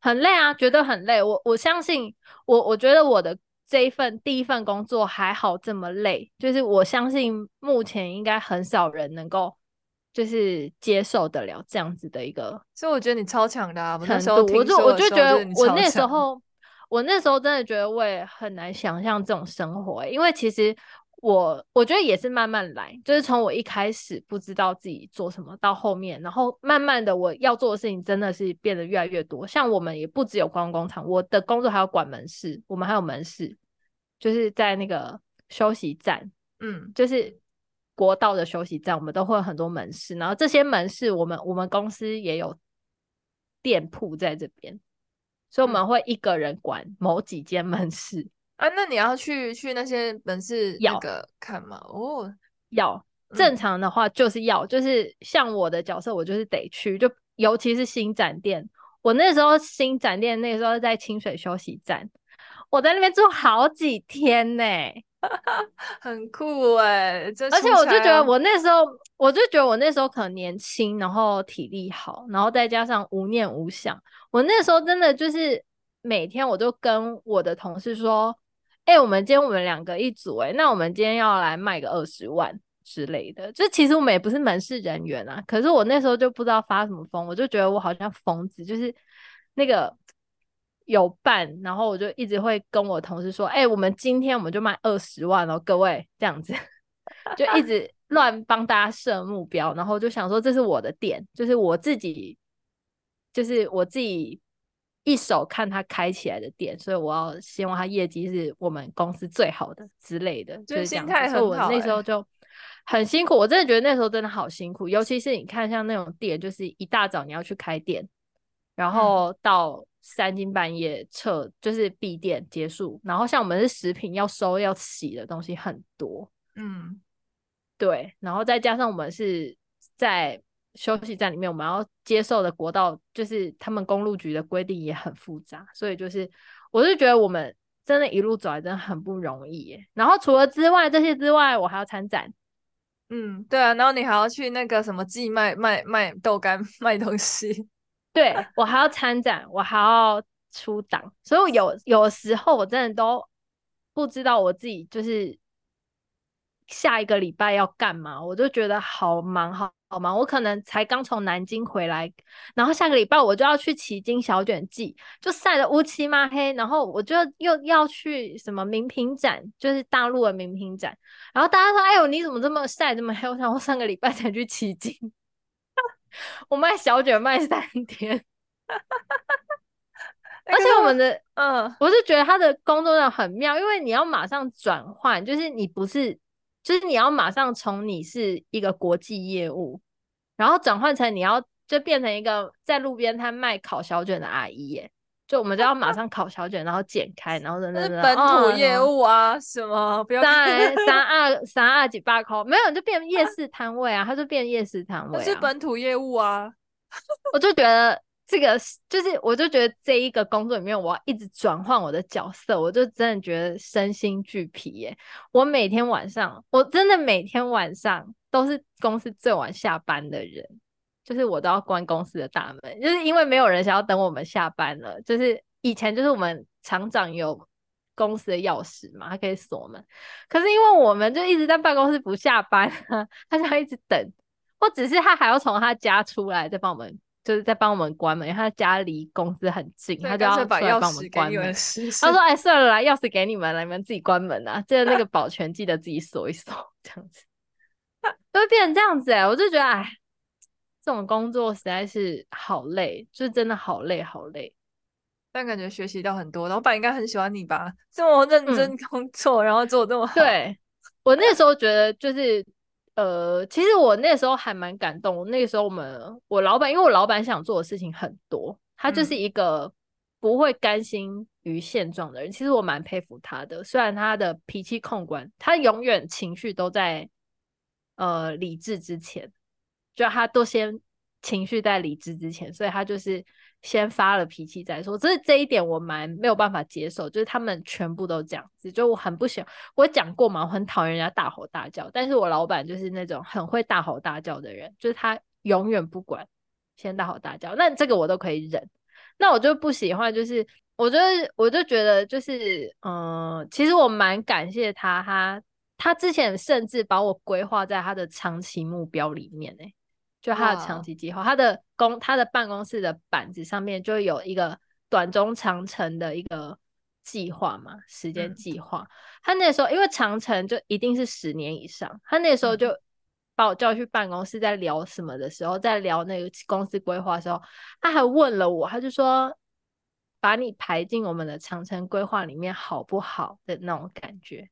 很累啊，覺得很累。我我相信
我，我覺得我的。這一份第一份工作還好這麼累，就是我相信目前應該很少人能夠就是接受得了這樣子的一個，
所以我覺得你超強的啊！我那時候，時候，就我就我就覺得我那時候我那時候
真的覺得我也很難想象這種生活欸，因為其實。我我覺得也是慢慢來，就是從我一開始不知道自己做什麼到後面，然後慢慢的我要做的事情真的是變得越來越多。像我們也不只有觀光工廠，我的工作還要管門市，我們還有門市，就是在那個休息站，嗯，就是國道的休息站，我們都會有很多門市。然後這些門市，我們我們公司也有店鋪在這邊，所以我們會一個人管某幾間門市。啊，那你要去去那些門市那個要看嗎？哦，要正常的話就是要，嗯、就是像我的角色，我就是得去，就尤其是新展店。我那時候新展店，那個時候在清水休息站，我在那邊住好幾天呢、欸，
很酷哎、欸！啊、而且我就覺得，我那時候
我就覺得，我那時候可能年輕，然後體力好，然後再加上無念無想，我那時候真的就是每天我都跟我的同事說。哎、欸，我們今天我們兩個一組哎，那我們今天要來賣個二十萬之類的，就其實我們也不是門市人員啊，可是我那時候就不知道發什麼瘋，我就覺得我好像瘋子，就是那個有伴，然後我就一直會跟我同事說，哎、欸，我們今天我們就賣二十萬哦，各位，這樣子， 就一直亂幫大家設目標，然後就想說這是我的店，就是我自己，就是我自己。一手看他開起來的店，所以我要希望他業績是我們公司最好的之類的，對就是這樣子。就心態很好欸。所以我那時候就很辛苦，我真的覺得那時候真的好辛苦。尤其是你看，像那種店，就是一大早你要去開店，然後到三更半夜撤，嗯、就是閉店結束。然後，像我們是食品，要收要洗的東西很多，嗯，對。然後再加上我們是在。休息站裡面，我們要接受的國道就是他們公路局的規定也很複雜，所以就是我是覺得我們真的一路走來真的很不容易耶。然後除了之外這些之外，我還要參展，
嗯，對啊，然後你還要去那個什麼寄賣賣賣，賣豆乾賣東西，對我還要參展，我還要，展 我還要出檔，所以我有有時
候我真的都不知道我自己就是下一個禮拜要幹嘛，我就覺得好忙好。好嗎？我可能才剛從南京回來，然後下個禮拜我就要去奇經小卷季，就曬得烏漆嘛黑，然後我就又要去什麼名品展，就是大陸的名品展。然後大家說：“哎呦，你怎麼這麼曬，這麼黑？”我想我上個禮拜才去奇經， 我賣小卷賣三天， 而且我們的 嗯，我是覺得他的工作量很妙，因為你要馬上轉換，就是你不是。就是你要馬上從你是一個國際業務，然後轉換成你要就變成一個在路邊攤賣烤小卷的阿姨耶，就我們就要馬上烤小卷， 然後剪開，然後等等等，本土業務啊，哦、no, 什麼不要，三二三二幾八口沒有，就變夜市攤位啊，啊它就變夜市攤位、啊，是本土業務啊， 我就覺得。這個就是，我就覺得這一個工作裡面，我要一直轉換我的角色，我就真的覺得身心俱疲耶。我每天晚上，我真的每天晚上都是公司最晚下班的人，就是我都要關公司的大門，就是因為沒有人想要等我們下班了。就是以前就是我們廠長有公司的鑰匙嘛，他可以鎖門，可是因為我們就一直在辦公室不下班啊，他就要一直等，或只是他還要從他家出來再幫我們。就是在幫我們關門，因為他家離公司很近，他就要關門把鑰匙給我們。關門 他說：“哎、欸，算了啦，來，鑰匙給你們，你們自己關門啊。這個 那個保全記得自己鎖一鎖，這樣子。”
都會變成這樣子哎、欸，我就覺得哎，這種工作實在是好累，就是真的好累好累。但感覺學習到很多，老闆應該很喜歡你吧？
這麼認真工作，嗯、然後做得這麼好。對。我那時候覺得就是。 呃，其實我那時候還蠻感動。那個時候我，我們我老板，因為我老板想做的事情很多，他就是一個不會甘心於現狀的人。嗯、其實我蠻佩服他的，雖然他的脾氣控管，他永遠情緒都在呃理智之前，就他都先。情緒在理智之前，所以他就是先發了脾氣再說。只是這一點我蠻沒有辦法接受，就是他們全部都這樣子，就我很不喜歡。我講過嘛，我很討厭人家大吼大叫，但是我老板就是那種很會大吼大叫的人，就是他永遠不管先大吼大叫。那這個我都可以忍，那我就不喜歡。就是我就我就覺得就是嗯，其實我蠻感謝他，他他之前甚至把我規劃在他的長期目標裡面呢、欸。
就他的長期
計劃，Wow. 他的公他的辦公室的板子上面就有一個短中長程的一個計劃嘛，時間計劃。嗯、他那時候因為長程就一定是十年以上，他那時候就把我叫去辦公室，在聊什麼的時候，嗯、在聊那個公司規劃的時候，他還問了我，他就說，把你排進我們的長程規劃裡面好不好？的那種感覺，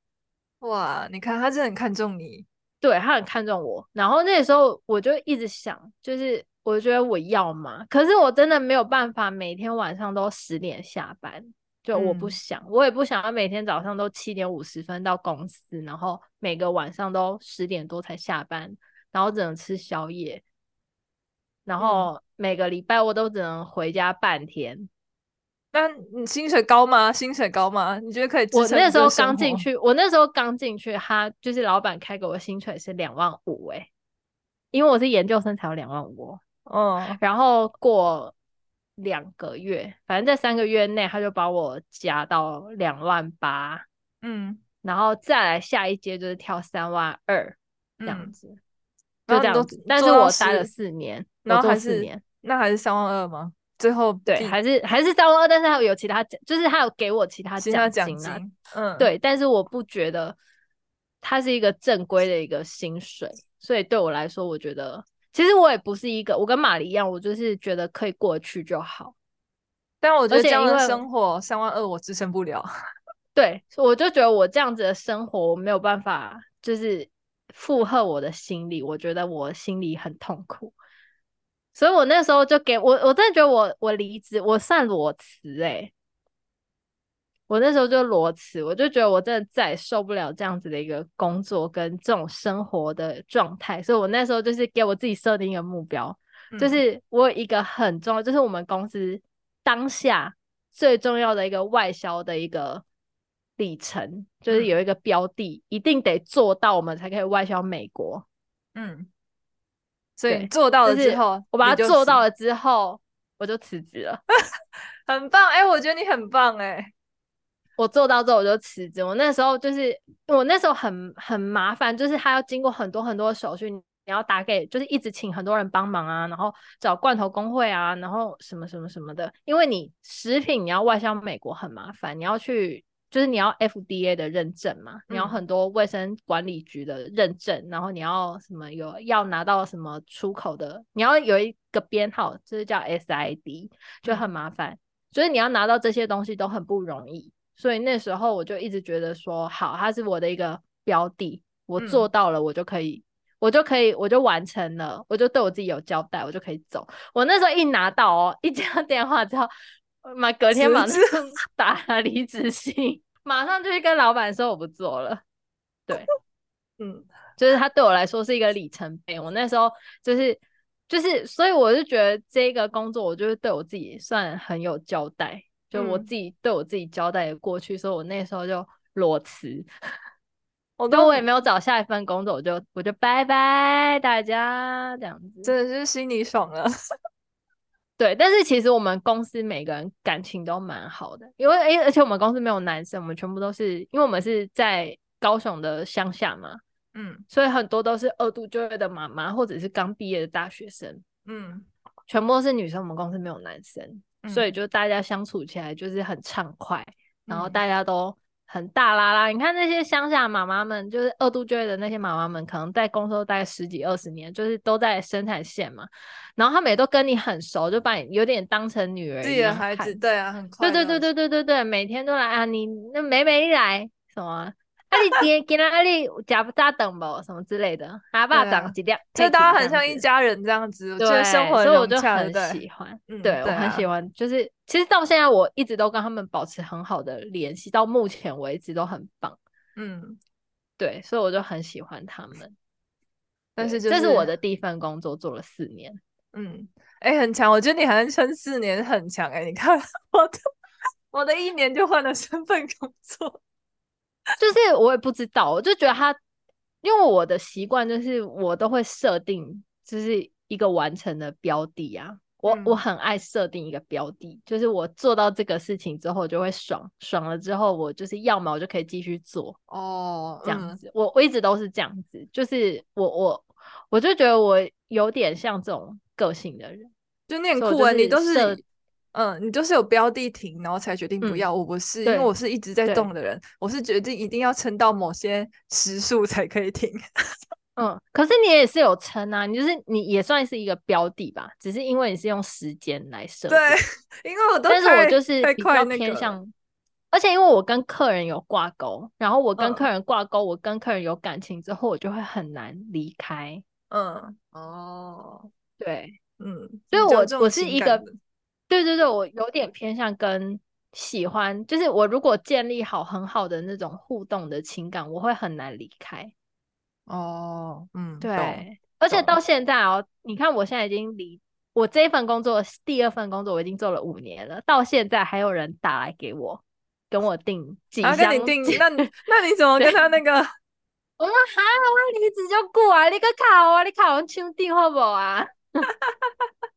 哇，你看他真的很看重你。對，他很
看重我，然後那時候我就一直想，就是我覺得我要嘛，可是我真的沒有辦法每天晚上都十點下班，就我不想，嗯、我也不想要每天早上都七點五十分到公司，然後每個晚上都十點多才下班，然後只能吃宵夜，然後每個禮拜我都只能回家半天。
那、啊、你薪水高嗎？薪水高嗎？你覺得可以？我那時候剛進去，
我那時候剛進去，他就是老闆開給我的薪水是兩萬五哎，因為我是研究生才有兩萬五。哦，然後過兩個月，反正在三個月內，他就把我加到兩萬八。嗯，然後再來下一階就是跳三萬二這樣子，就、嗯、這樣子。但是我待了四年，然後還是那還是三萬二嗎？最後，對，還是還是三萬二，但是他有其他獎，就是他有給我其他獎金啊。獎金，嗯，對，但是我不覺得他是一個正規的一個薪水，所以對我來說，我覺得其實我也不是一個，我跟馬驪一樣，我就是覺得可以過去就好。但我覺得這樣的生
活三萬二我支撐不了。
對，我就覺得我這樣子的生活我沒有辦法，就是負荷我的心理，我覺得我心裡很痛苦。所以，我那時候就給我，我真的覺得我我離職，我算裸辭哎、欸。我那時候就裸辭，我就覺得我真的再也受不了這樣子的一個工作跟這種生活的狀態。所以，我那時候就是給我自己設定一個目標，嗯、就是我有一個很重要，就是我們公司當下最重要的一個外銷的一個里程，就是有一個標的，嗯、一定得做到，我們才可以外銷美國。嗯。所以做到了之後，就是、我把它做到了
之後，就是、我就辭職了， 很棒。哎、欸，我覺得你很棒哎、欸。我
做到之後我就辭職，我那時候就是我那時候很很麻煩，就是還要經過很多很多手續，你要打給，就是一直請很多人幫忙啊，然後找罐頭工會啊，然後什麼什麼什麼的，因為你食品你要外銷美國很麻煩，你要去。就是你要 FDA 的認證嘛，你要很多衛生管理局的認證，嗯、然後你要什麼有要拿到什麼出口的，你要有一個編號，就是叫 SID，就很麻煩，所以、嗯、你要拿到這些東西都很不容易，所以那時候我就一直覺得說好，它是我的一個標的，我做到了，我就可以，嗯、我就可以，我就完成了，我就對我自己有交代，我就可以走。我那時候一拿到哦，一接到電話之後。嘛，隔天晚上打離職信，馬上就去跟老板說我不做了。對， 嗯，就是他對我來說是一個里程碑。我那時候就是就是，所以我就覺得這個工作，我就是對我自己算很有交代，就我自己對我自己交代也過去。所以，我那時候就裸辭，嗯、 但我也沒有找下一份工作，我就我就拜拜大家這樣子，真的是心裡爽了。 對，但是其實我們公司每個人感情都蠻好的，因為誒，而且我們公司沒有男生，我們全部都是，因為我們是在高雄的鄉下嘛，嗯，所以很多都是二度就業的媽媽，或者是剛畢業的大學生，嗯，全部都是女生，我們公司沒有男生，嗯，所以就大家相處起來就是很暢快，然後大家都。很大啦啦！你看那些鄉下媽媽們，就是二度就業的那些媽媽們，可能在工作待十幾二十年，就是都在生產線嘛。然後她們也都跟你很熟，就把你有點當成女兒一樣自己的孩子，看對啊，很快。對對對對對對對，每天都來啊！你那梅梅一來什麼？阿麗給給阿麗假不加等，吧， 什麼之類的，阿、啊、爸、啊、長幾點，就大家很像一家人這樣子，對，生活所以我就很喜
歡，對，對、嗯、我很喜
歡，就是、啊、其實到現在我一直都跟他們保持很好的聯繫，到目前為止都很棒，嗯，對，所以我就很喜歡他們。
但是、就是、這是我的
第一份工作，做了四年，
嗯，哎、欸，很強，我覺得你還能撐四年，很強哎、欸，你看我的我的一年就換了三份工作。就是我也不知道，我就覺得他，因為我的習慣
就是我都會設定就是一個完成的標的啊，我、嗯、我很愛設定一個標的，就是我做到這個事情之後就會爽，爽了之後我就是要麼我就可以繼續做哦，這樣子，嗯、我我一直都是這樣子，就是
我我我就覺得我有點像這種個性的人，就那種酷、欸、你都是。嗯，你就是有標的停，然後才決定不要。嗯、我不是，對因為我是一直在動的人，對我是決定一定要撐到某些時數才可以停。
嗯，可是你也是有撐啊，你就是你也算是一個標的吧，只是因為你是用時間來設。對，
因為我都。但是，我就是比較偏向，
而且因為我跟客人有掛鈎，然後我跟客人掛鈎，嗯、我跟客人有感情之後，我就會很難離開。嗯，哦，
對，嗯，就所以我我是一個。
對對對，我有點偏向跟喜歡，就是我如果建立好很好的那種互動的情感，我會很難離開。哦，嗯，對，懂而且到現在哦，懂你看我現在已經離我這一份工作，第二份工作我已經做了五年了，到現在還有人打來給我，跟我訂
幾箱。啊、跟你訂， 那那你怎麼跟他那個？我說還好啊，日子就
過啊，你擱卡啊，你卡完廠訂好不啊？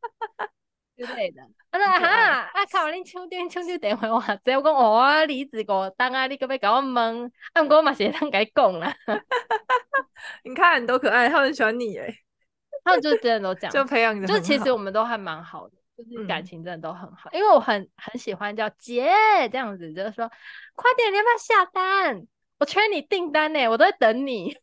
之類的，啊那哈啊靠！你搶掉，搶掉！等會我還在我啊，李子過單啊，你可要給我問？啊，不過我嘛是坦白講啦，你看你多可愛，他們很喜歡你哎，他們就真的都講，就培養你，就其實我們都還蠻好的，就是感情真的都很好，因為我很很喜歡叫姐這樣子，就是說快點，你要不要下單？我缺你訂單耶，我都在等你，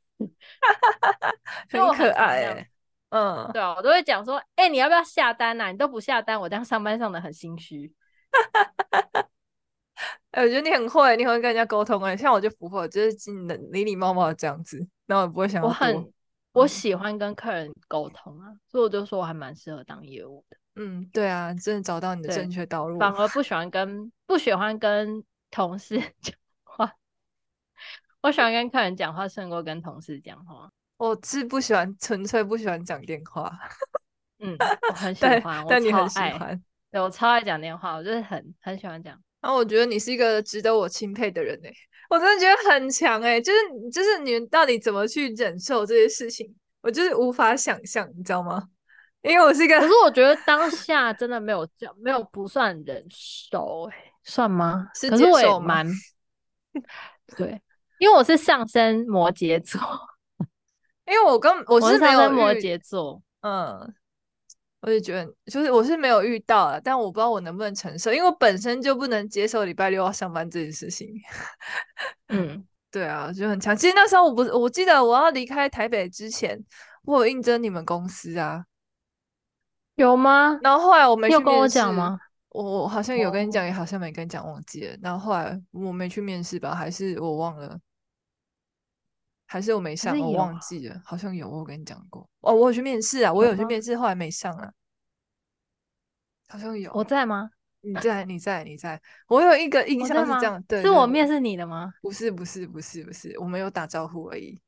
很可愛哎。嗯，對啊，
我都會講說，哎、欸，你要不要下單啊？你都不下單，我
這樣上班上的很心虛。哈哈哈！哈哈！哎，我覺得你很會，你很會跟人家溝通啊、欸。像我就不會，就是進禮禮貌貌這樣子，那我也不會想。我很，我喜歡跟客人溝通啊，嗯、所以我就說我還蠻適合當業務的。嗯，對啊，真的找到你的正確道路。反而
不喜歡跟不喜歡跟同事講話， 我喜歡跟客人講話勝過跟同事講話。
我是不喜歡，純粹不喜歡講電話。 嗯，我很喜歡，對但你很喜歡，
對，我超愛講電話，我就是很很喜歡講。
然後、啊、我覺得你是一個值得我欽佩的人哎、欸，我真的覺得很強哎、欸，就是就是你到底怎麼去忍受這些事情，我就是無法想象，你知道嗎？因為我是一個，可是我覺得當下真的
沒有叫， 沒，有沒有不算忍受哎、欸，算嗎？是我有蠻 對，因為我是上升摩羯座。
因為我剛我是沒有是是摩羯座，嗯，我也覺得就是我是沒有遇到，但我不知道我能不能承受，因為我本身就不能接受禮拜六要上班這件事情。 嗯，對啊，就很強。其實那時候我不是，我記得我要離開台北之前，我有應徵你們公司啊，有嗎？然後後來我沒去，你有跟我講嗎？我我好像有跟你講，也好像沒跟你講，忘記了。然後後來我沒去面試、哦、吧，還是我忘了。還是我沒上，哦，我忘記了，好像有我有跟你講過。哦，我有去面試啊，有嗎我有去面試，後來沒上啊。好像有，我在嗎？你在，你在，你在。我有一個印象是這樣，對。是我面試你的嗎？不是，不是，不是，不是，我沒有打招呼而已。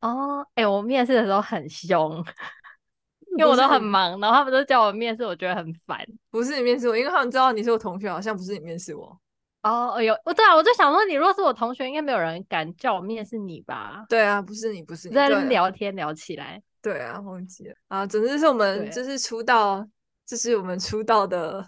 哦，哎，我
面試的時候很凶，
因為我都很忙，然後他們都叫我面試，我覺得很煩。不是你面試我，因為他們知道你是我同學，好像不是你面試我。
哦，哎呦、oh,，我對啊，我就想說，你若是我同學，應該沒有人敢叫我面試你吧？對啊，不是你，不是你在聊天
聊起來。對啊，忘記了啊，總之是我們就是出道，這對是我們出道的，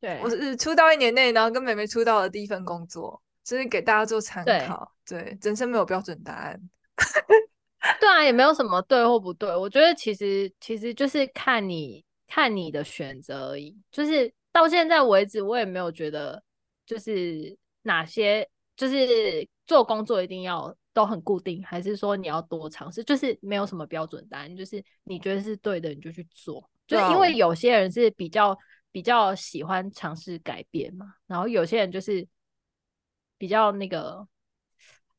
對我是出道一年內，然後跟梅梅出道的第一份工作，就是給大家做參考。對，人生沒有標準答案。 對
啊，也沒有什麼對或不對。我覺得其實其實就是看你看你的選擇而已。就是到現在為止，我也沒有覺得。就是哪些就是做工作一定要都很固定，還是說你要多嘗試？就是沒有什麼標準答案，就是你覺得是對的你就去做。啊、就是因為有些人是比較比較喜歡嘗試改變嘛，然後有些人就是
比較那個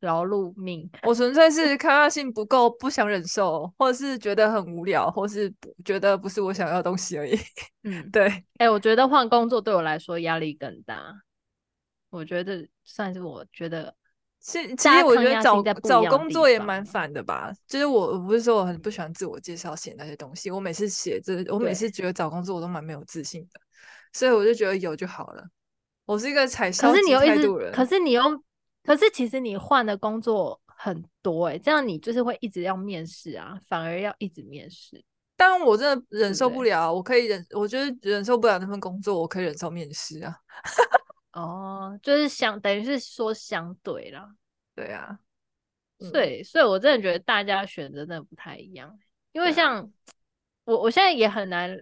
勞碌命。我純粹是抗壓性不夠，不想忍受，或者是覺得很無聊，或者是覺得不是我想要的東西而已。 對嗯，對。哎，我覺得換工作對我來說壓力更大。我覺得算是，我覺得，其實其實我覺得找找工作也蠻煩的吧。就是我我不是說我很不喜歡自我介紹寫那些東西，我每次寫這，我每次覺得找工作我都蠻沒有自信的，對所以我就覺得有就好了。我是一個採消極態度的人可，可是
你又，可是其實你換的工作很多哎，欸，這樣你就是會一直要面試啊，反而要一直面試。
但我真的忍受不了，對我可以忍，我覺得忍受不了那份工作，我可以忍受面試啊。 哦，oh, 就是相等於是
說相對啦，對啊，所以所以，嗯、所以我真的覺得大家選擇的不太一樣，因為像、啊、我，我現在也很難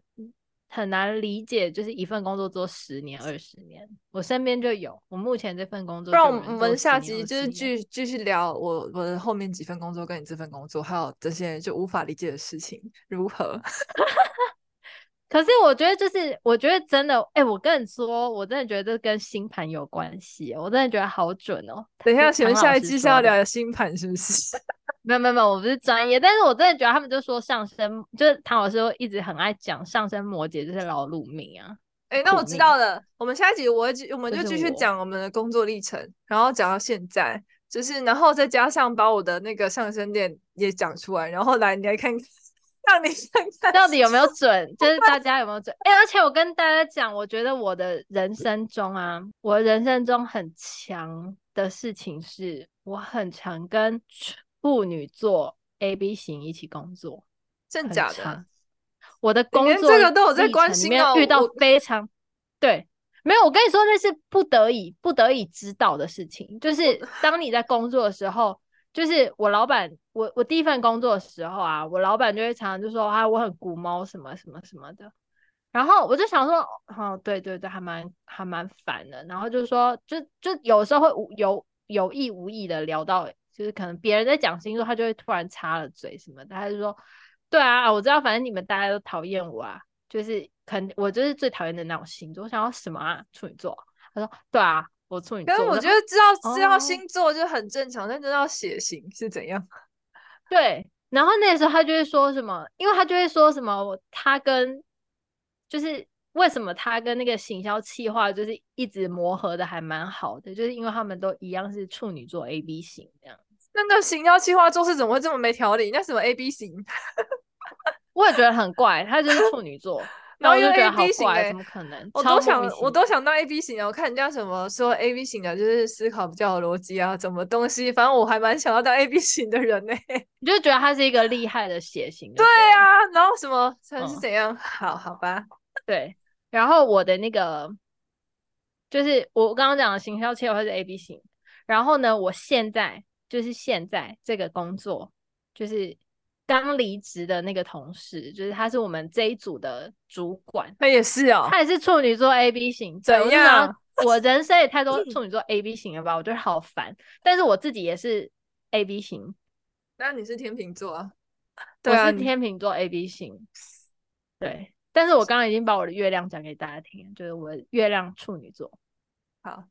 很難
理解，就是一份工作做十年、二十年，
我身邊就有，我目前這份工作。讓我們下集就是
繼繼續聊我我的後面幾份工作，跟你這份工作，還有這些就無法理解的事情如何。 可是我覺得就
是，我覺得真的，哎、欸，我跟你說，我真的覺得這跟星盤有關係，嗯、我真的覺得好準哦、喔。等一下，請問下一集是要聊,聊星盤，是不是？ 沒有沒有沒有，我不是專業， 但是我真的覺得他們就說上升，就是唐老師一直很愛講上升摩羯就是勞碌命啊。哎、
欸，那我知道了，命我們下一集我會我們就繼續講我們的工作歷程，然後講到現在，就是然後再加上把我的那個上升點也講出來，然後來你來看。到底有沒有準？ 就是大家有沒有準？哎、 欸，而
且我跟大家講，我覺得我的人生中啊，我的人生中很強的事情是，我很常跟處女座 A、B 型一起工作，真的假的？我的工作這個都有在關心、哦、遇到非常我對，沒有，我跟你說那是不得已、不得已知道的事情，就是當你在工作的時候， 就是我老闆。我我第一份工作的時候啊，我老闆就會常常就說啊，我很龜毛什麼什麼什麼的，然後我就想說，哦，對對對，還蠻還蠻煩的。然後就是說，就就有時候會有有意無意的聊到，就是可能別人在講星座，他就會突然插了嘴什麼的，他就說，對啊，我知道，反正你們大家都討厭我啊，就是肯我就是最討厭的那種星座。我想要什麼啊？處女座啊？他說，對啊，我處女座。可是我覺得知道知道，哦，知道星
座就很正常，但知道血型是怎樣？對，
然後那時候他就會說什麼，因為他就會說什麼，他跟就是為什麼他跟那個行銷企劃就是一直磨合的還蠻好的，就是因為他們都一樣是處女座 AB 型這
樣子。那個行銷企劃做事怎麼會這麼沒條理？那什麼 AB 型，
我也覺得很怪，他就是處女座。 然後又 A
B 型誒、欸，怎麼可能？我都想，我都想當 A B 型啊！我看人家什麼說 A B 型的，啊，就是思考比較好的邏輯啊，什麼東西，反正我還蠻想要當 A B 型的人誒、欸。 你就覺得他是一個厲害的血型的？ 對啊，然後什麼才是怎樣？嗯、好好吧。對，然後我的那個
就是我剛剛講的行銷簽我是 A B 型，然後呢，我現在就是現在這個工作就是。剛離職的那個同事，就是他是我們這一組的主管，他也是哦，他也是處女座 A B 型，怎樣？我人生也太多處女座 A B 型了吧？ 我覺得好煩。但是我自己也是 A B 型，
那你是天秤座啊？對啊，我是天
秤座 A B 型，你對。但是我剛剛已經把我的月亮講給大家聽，就是我
月亮處女座。
好，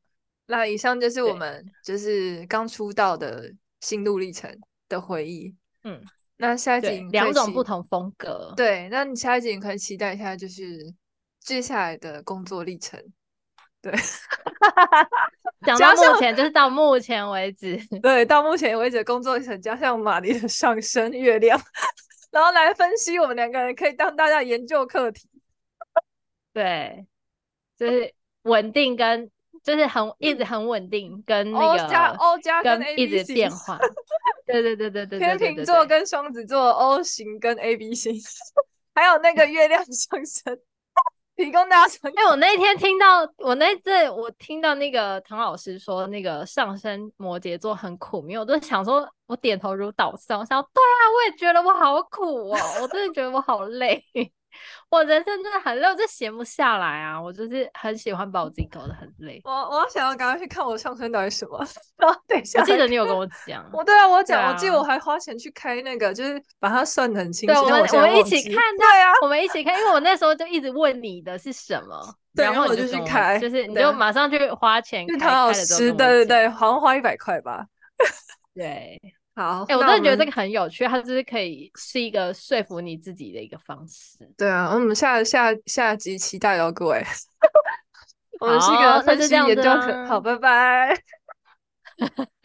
那以上就是我們對就是剛出道的心路歷程的回憶，嗯。那下一集兩種不同風格，對。那你下一集你可以期待一下，就是接下來的工作歷程，對。
講 到目前 就
是到目前為止，對，到目前為止的工作歷程，加上馬驪的上升月亮， 然後來分析我們兩個人，可以當大家研究課題，
對，就是穩定跟。就是很一直很穩定，嗯、跟那個加 O 加跟 A B 型變化，
對對對
對對，天秤座
跟雙子座 O 型跟 A B 型，還有那個月亮上升，
提供大家。哎、欸，我那天聽到我那次我聽到那個唐老師說那個上升摩羯座很苦，沒有，我都想說，我點頭如搗蒜。我想，對啊，我也覺得我好苦哦，我真的覺得我好累。 我人生真的很累，就閒不下來啊！我就是很喜歡把我自己搞得很
累。我我想要趕快去看我上升到底什麼。哦，對，我記得你有跟我講。我對啊，我講，我記得我還花錢去開那個，就是把它算得很清楚。對，我們我們一起看，對啊，我們一起看，因為我那時候就一直問你的
是什麼，然後我就去開，就是你就馬上去花錢。唐老師，對對對，好像花一百塊吧，
對。
好，欸、我，我真的覺得這個很有趣，它就是可以是一個說服你自己的一個方式。
對啊，我們下下下集期待哦，各位。我們是一個分析研究的，好，啊、好，拜拜。